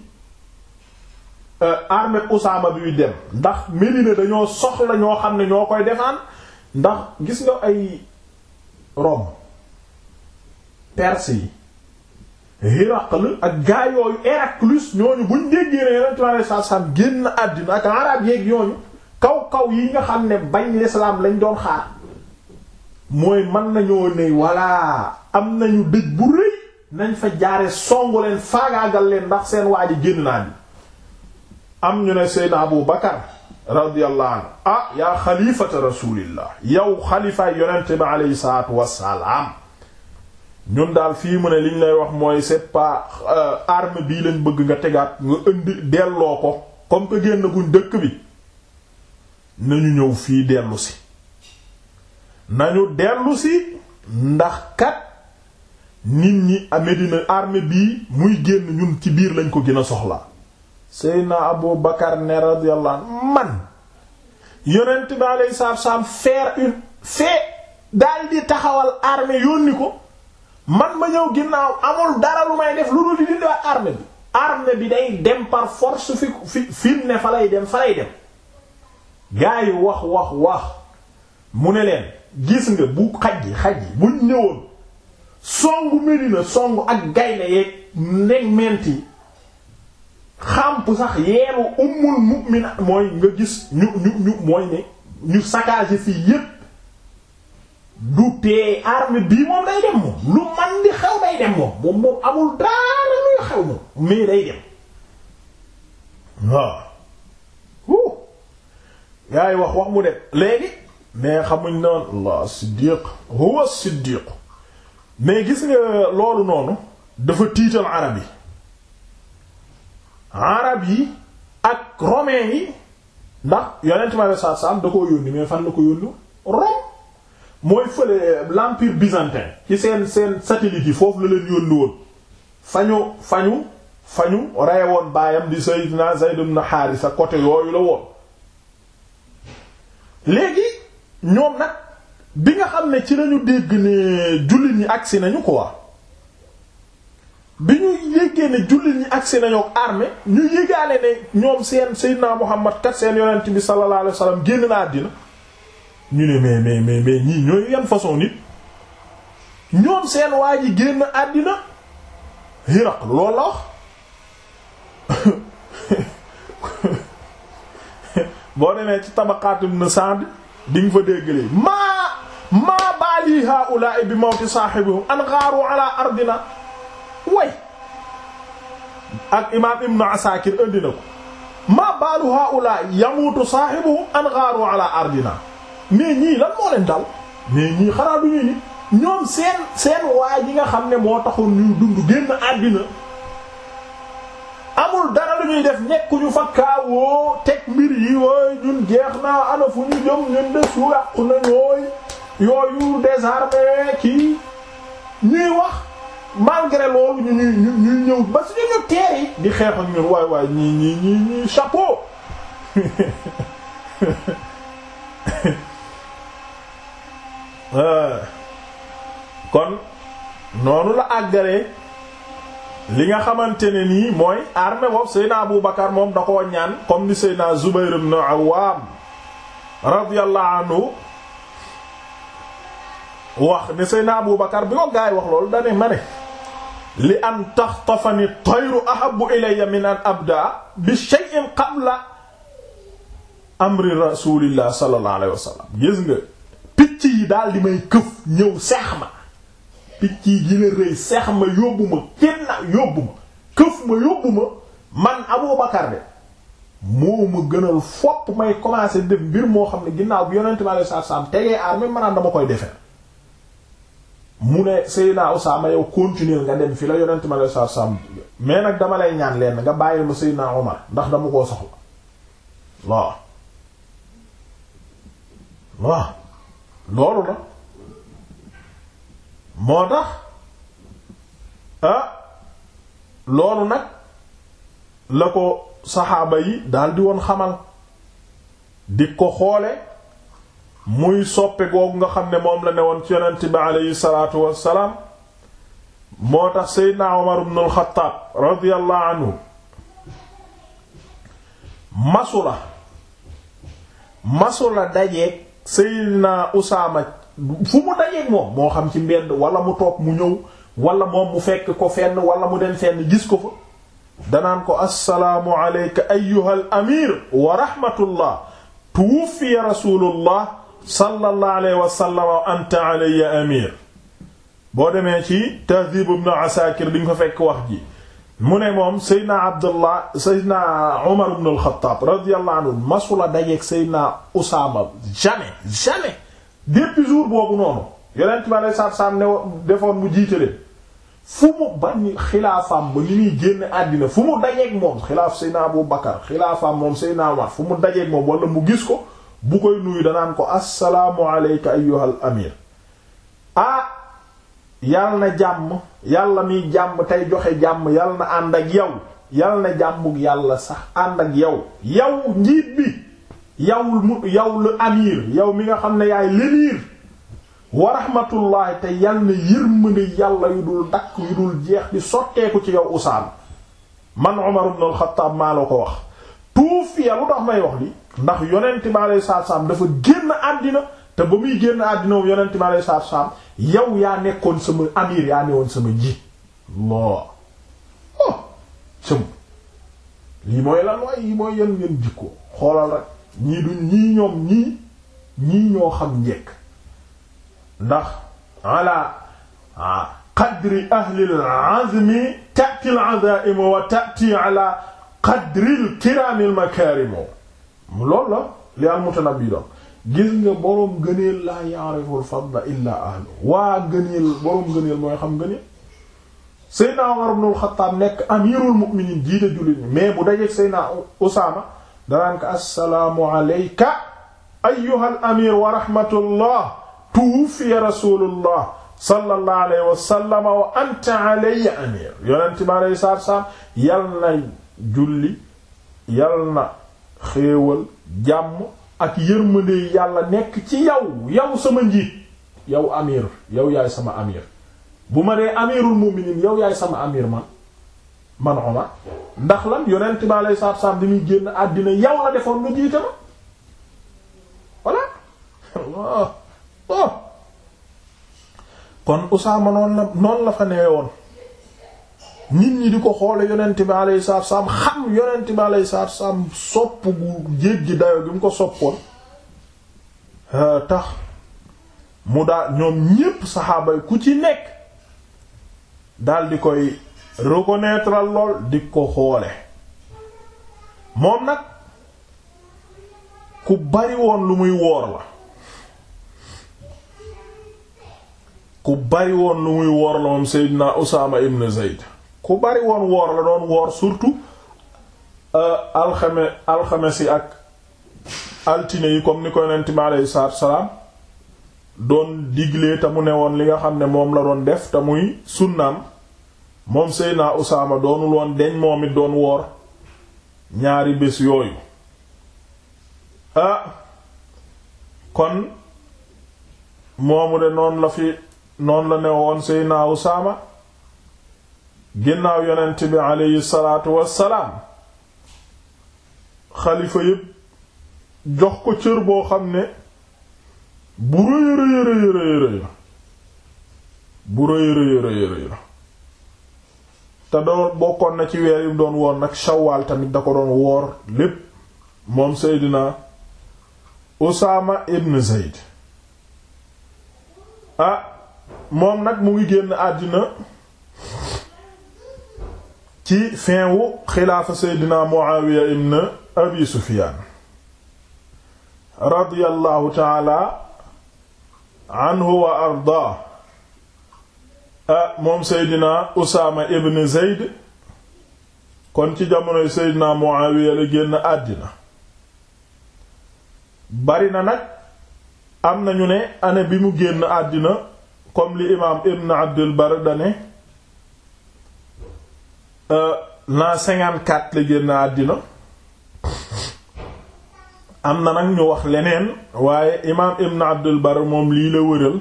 euh, armée Usaama bi dem ndax Médina dañoo soxla ñoo xam ne ñoo koy defaan ndax gis nga ay Rome Perse yi Hiraql ak gaa yooyu Héraclus ñooñu buñ déggee ne Yonent bi alayhi salaam génn àddina ak arab yeeg ñooñu kaw kaw yi nga xam ne bañ l'islam lañ doon xaar mooy man nañoo ne walla am nañu dëj bu rëy nañ fa jaare songu leen faagaagal leen ndax seen waa ji génn naa bi am ñu ne Seydina Abu Bakar radiyallahu anhu ah yaa xalifata rasulillah yow xalifaay yonente bi aleyhi salaatu wassalaam ñun daal fii mu ne liñ lay wax mooy c'est pas euh, arme bii lañ bëgg nga tegaat nga indi delloo ko comme que génn guñ dëkk bi nañu ñëw fii dellu nañu dellu ndax kat nit ñi Medina armée bii muy génn ñun ci biir lañ ko gën a soxla Seydina Abu Bakar ne radiyallahu anhu man yonent bi alayhi salaatu salaam faire une fee daal taxawal arme yónni ko man ma ñëw ginnaaw amul dara lu may def lu dul di dindiwaat armée bi armée bi day dem par force fi fi fi ne fa lay dem fa lay dem gaa wax wax wax mu ne leen gis nga bu xaj yi xaj yi buñ ñëwoon songu Medina songu ak gaynde yeeg ndeg ment yi xàmp sax yeeru ummul mu'mina mooy nga gis ñu ñu ñu mooy ne ñu saccagé fii yépp du tee bii moom day dem moom lu man di xew day dem moom moom moom amul dara luy xew moom mais day dem waaw yaay wax wax mu dem léegi mais xamuñ noonu allah siddiq huwa siddiq mais gis nga loolu noonu dafa tiital arab yi arab yi ak romain yi ndax yonent mi alei satu salaam da koo yónni mais fan la ko yónni Rome mooy fële l'empire byzantin ci seen seen satellite yi foofu la leen yónni woon fañu fañu fañu reye woon baayam di Sayyidina Zayd ibn Haarisa côté yooyu la woon léegi ñoom nag bi nga xam ne ci lañu dégg ne jullit ñi agsi nañu quoi bi ñu yéggee ne jullit ñi agsi nañu ak armée ñu yégaale ne ñoom seen Seydina Muhammad kat seen yonent bi sallallahu alayhi wasallam génn na àddina ñu ne mais mais mais ñii ñooy yan façon nit ñoom seen waa yi génn àddina Hiraq loolu la wax (laughs) boo nee ci tabaqaatu Ibn Sa'd di fa déggle maa maa baali haula'i bi mawti saahibihum an gharu ala ardina way ak imam ibn asakir andi ko maa baalu haula'i yamuutu saahibuhum an gharu ala ardina mais ñii lan moo leen dal mais ñii xanaa du ni ñoom seen seen waay yi nga xam ne moo taxoon ñuy dund génn àddina amul dara lu ñuy def nekkuñu fa kaawoo teg mbir yi wooy ñun jeex naa ana ñu jëm ñun de yàqu na yooyu désarmé kii ñuy wax malgré loolu ñu ñuy ñuy ñëw ba suñu ñu teer yi di xeex ak ñun waay waay ñii ñii ñii chapeau (laughs) ah. kon noonu la àggalee li nga xamante ne nii mooy armée boobu Seydina moom da koo ñaan comme ni Seydina Zubayr ibn Awwaam radiyallahu anhu wax ne Seydina Abu bi ko gaay wax loolu dane ma ne li an taxtafani tayru ahabbu ilayya min an abda bi shay'in qabla amri rasulillah sallallahu alayhi wa sallam gis nga picc yi daal di may këf ñëw seex ma picc yi gën a rëy seex ma yóbbu ma kenn yóbbu ma këf ma yóbbu ma man Abu Bakar de moo ma gënal fopp may commencer def mbir moo xam ne ginnaaw bi yonent bi alayhi salaatu salaam tegee armée maanaam dama koy defee mu ne Seydina Usaama yow continuer nga dem fi la yonent bi alayhi salaatu salaam mais nag dama lay ñaan leen nga bàyyil ma Seydina Omar ndax dama koo soxla waaw waaw loolu la moo tax ah loolu nag la ko saxaaba yi daldi woon xamal di ko xoole muy soppe googu nga xam ne moom la ne woon ci yonent bi aleyhi salaatu wassalaam moo tax seydna Umar ibn al-Khattab radiyallahu anhu masula masula dajeek seydna Usaama fu mu dajeeg moom moo xam ci mbedd wala mu toog mu ñëw wala moom mu fekk ko fenn wala mu dem fenn gis ko fa danaan ko assalaamu alayka ayyuhal amir wa rahmatullah tuwuffiya rasulullah sallallahu alayhi wa sallam wa anta boo demee ci tahdib ibn asakir di nga ko fekk wax ji mu ne moom seydna abdullah seydna umar ibn al-khattab radiyallahu anhu masula dajeeg depuis jour boobu noonu yonent bi aleyhi salaatu salaam ne defoon mu jiite leen fu mu bañ xilaafam ba ni muy génn àddina fu mu dajeeg moom xilaaf Seydina Abu Bakar xilaafam moom Seydina Umar fu mu dajeeg moom wala mu gis ko bu koy nuyu danaan ko assalaamu alayka ayyuhal amir ah yal na jàmm yàlla miy jàmm tey joxe jàmm yal na ànd ak yow yal na jàmmug yàlla sax ànd ak yow yow njiit bi yow mu yow la amir yow mi nga xam ne yaay l'émir wa rahmatullahi te yal na yërmande yàlla yu dul dakk yu dul jeex di sotteeku ci yow Usaama man Umar ibn al-Khattab maa la ko wax tuuf ya lu tax may wax li ndax yonent dafa génn àddina te ba muy génn àddina moom yow yaa nekkoon sama amir yaa newoon sama ji loo oh sëm lii mooy lan waaye yi mooy yan ngeen jikkoo xoolal rek ñii duñ ñoom ñii ñii ñoo xam njekk ndax ala qadri ahli al-azmi ta'ti al-azaa'im wa ta'ti ala qadri al-kiraam al-makaarim la li al-mutanabbi doon gis nga boroom gëneel laa ya'rifu al-fadla illaa waa gëneel boroom gëneel mooy xam gëneel Seydina Umar ibn al nekk amiirul mu'miniin jiite jullit ñi mais bu dajeek Seydina Usaama danaan ko alayka ayyuhal amir wa rahmatullah rasulullah sallallahu alayhi wa wa anta alayya amir yonent bi alayhi salaatu salaam yal na julli yal na xéewal jàmm ak yërmande yàlla nekk ci yow yow sama njiit yow amir yow yaay sama amir bu ma dee amirul mu'minin yow yaay sama amir man man Omar ndax lan yonent bi alayhi salaatu salaam di muy génn àddina yow la defoon nga jiite ma voilà waaw oh. kon Usaama noonu la noonu la fa nee woon nit ñi di ko xoole yonent bi alayhi salaatu salaam xam yonent bi alayhi salaatu salaam sopp gu jéggi dayo gi mu ko soppoon tax mu daal ñoom ñépp saxaaba ku ci nekk daal di koy reconnaître lool di ko xoole moom nag ku bari woon lu muy woor la ku bari woon lu muy woor la moom Seydina Usaama ibn Zayd ku bari woon woor la doon woor surtout euh, alxame alxames ak altine yi comme ni ko yonent mi aleyhi salaam doon diglee te mu ne woon li nga xam ne moom la doon def te muy sunnaam moom Seydina usama doonul woon deñ moom doon woor ñaari bés yooyu ah kon moomu de noonu la fi noonu la ne woon Seydina Usaama ginnaaw yonent bi aleyhi salaatu wassalaam xalifa yépp jox ko cër boo xam ne bu rëy rëy rëy rëy bu rëy rëy rëy rëy te doon bokkoon na ci weer yi doon woor nag shawaal tamit da ko doon woor lépp moom seydina Usaama ibn Zayd ah moom nag mu ngi génn àddina ci fin wu xilaafa seydina Muawiya ibn Abi Sufyaan radiyallahu taala anhu wa ardaa Ah, moom seydina usaama ibn zeyd kon ci jamonoy seydina muawiya la génn àddina bari na nag am nañu ne année bi mu génn àddina comme li imaam ibn abdul bar dane ah, l'an 54 la génn àddina am na nag ñu wax leneen waaye imaam ibn abdul bar moom lii la wëral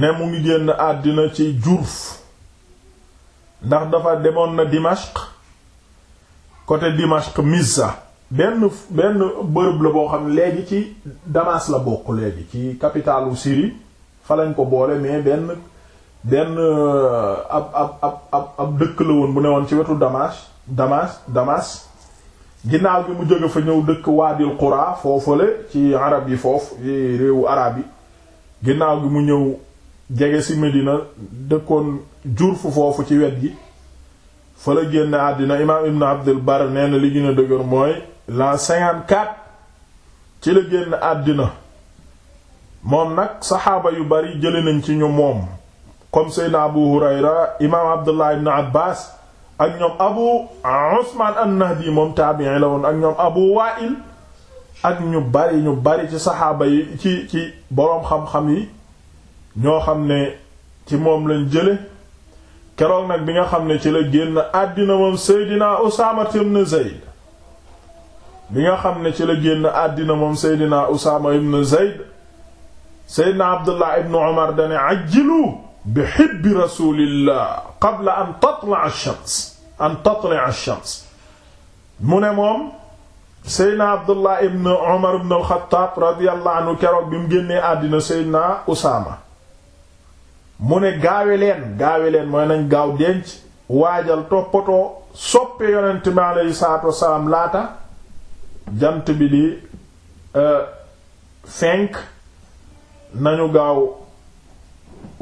ne mu ngi génn àddina ci Jurf ndax dafa demoon na Dimashq côté Dimashq Mizza benn benn bërëb la boo xam ne léegi ci Damas la bokk léegi ci capitalu Syrie fa lañ ko boole mais benn benn euh, ab ab ab ab dëkk la woon bu ne woon ci wetu Damas Damas Damas ginnaaw bi mu jóge fa ñëw dëkk Waadil Qura foofale ci arab yi foofu réewu arab yi ginnaaw gi mu ñëw jege ci Medina dëkkoon Jurf foofu ci wet gi fa la génn àddina imaam Ibn Abdul Bar nee na li gën a dëgër mooy l'an 54 ci la génn àddina moom nag saxaaba yu bari jële nañ ci ñu moom comme Seydina Abu Hurayra imaam Abdullah Ibn Abbas ak ñoom Abu Usman an-Nahdi moom taabi'i la woon ak ñoom Abu Wa'il ak ñu bari ñu bari ci saxaaba yi ci ci boroom xam-xam yi. ñoo xam ne ci moom lañ jële keroog nag bi nga xam ne ci la génn àddina moom seydinaa Usaama ibn Zayd bi nga xam ne ci la génn àddina moom seydina Usaama ibn Zayd seydinaa Abdullah ibn Umar dane ajjilu bi hibbi rasulillah qabla an tatla an tatla ash-shams mu ne moom seydna abdullah ibn umar ibn al-Khattab radiyallahu anhu keroog bi mu génnee àddina seydna usaama mu ne gaawe leen gaawe leen mooy nañ gaaw denc waajal toppatoo soppe yonent bi aleyhi salaatu wassalaam laata jant bi di e, fenk nañu gaaw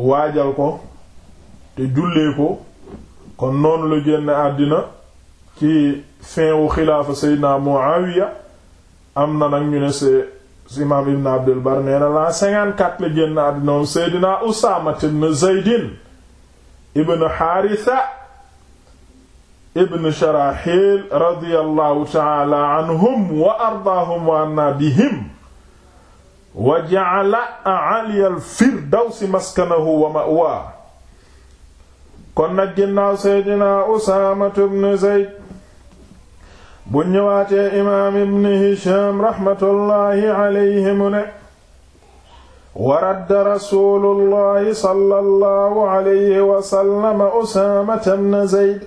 waajal ko te jullee ko kon noonu la génn àddina ci fin wu xilaafa seydina Muawiya am na nag ñu ne see imaam ibn abdul bar nee na la 54 la génn àddina moom seydina usaama ibn zeydin ibn xaarisa ibn sharaxil radiyallahu taala anhum wa ardaahum wa anna bihim wa ja'ala a'ali al-firdawsi maskanahu wa ma'waa kon nag ginnaaw seydina usaama ibn zeyd bu ñëwaatee imaam ibn hisham raxmatullaahi alayhi mu ne wa radda rasuulullaahi sallallaahu alayhi wa sallam usaamata ibn zayd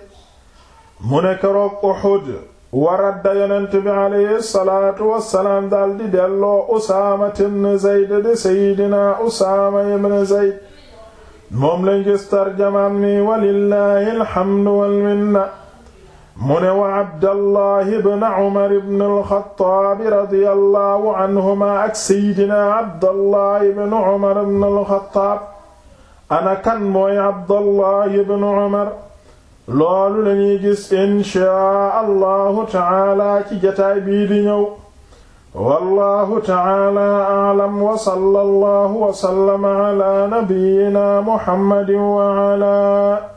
mu ne keroog uhud wa radda yonent bi alayhi salaatu wassalaam daldi delloo usaamata ibn zayd di seydina usaama ibn zayd moom lañ gis tarjamaam ni walillaahi alxamdu walminna mu ne wa abdallahi bn umar bn alxataabi radiyallahu anhuma ak seydina abdallahi bn umar bn alxataab ana kan mooy abdallahi bn umar loolu lañuy gis inchaa allahu taala ci jataay bii di ñëw wallahu taala alam wa sallallahu wa sallama ala nabiyyina muhammadin wa ala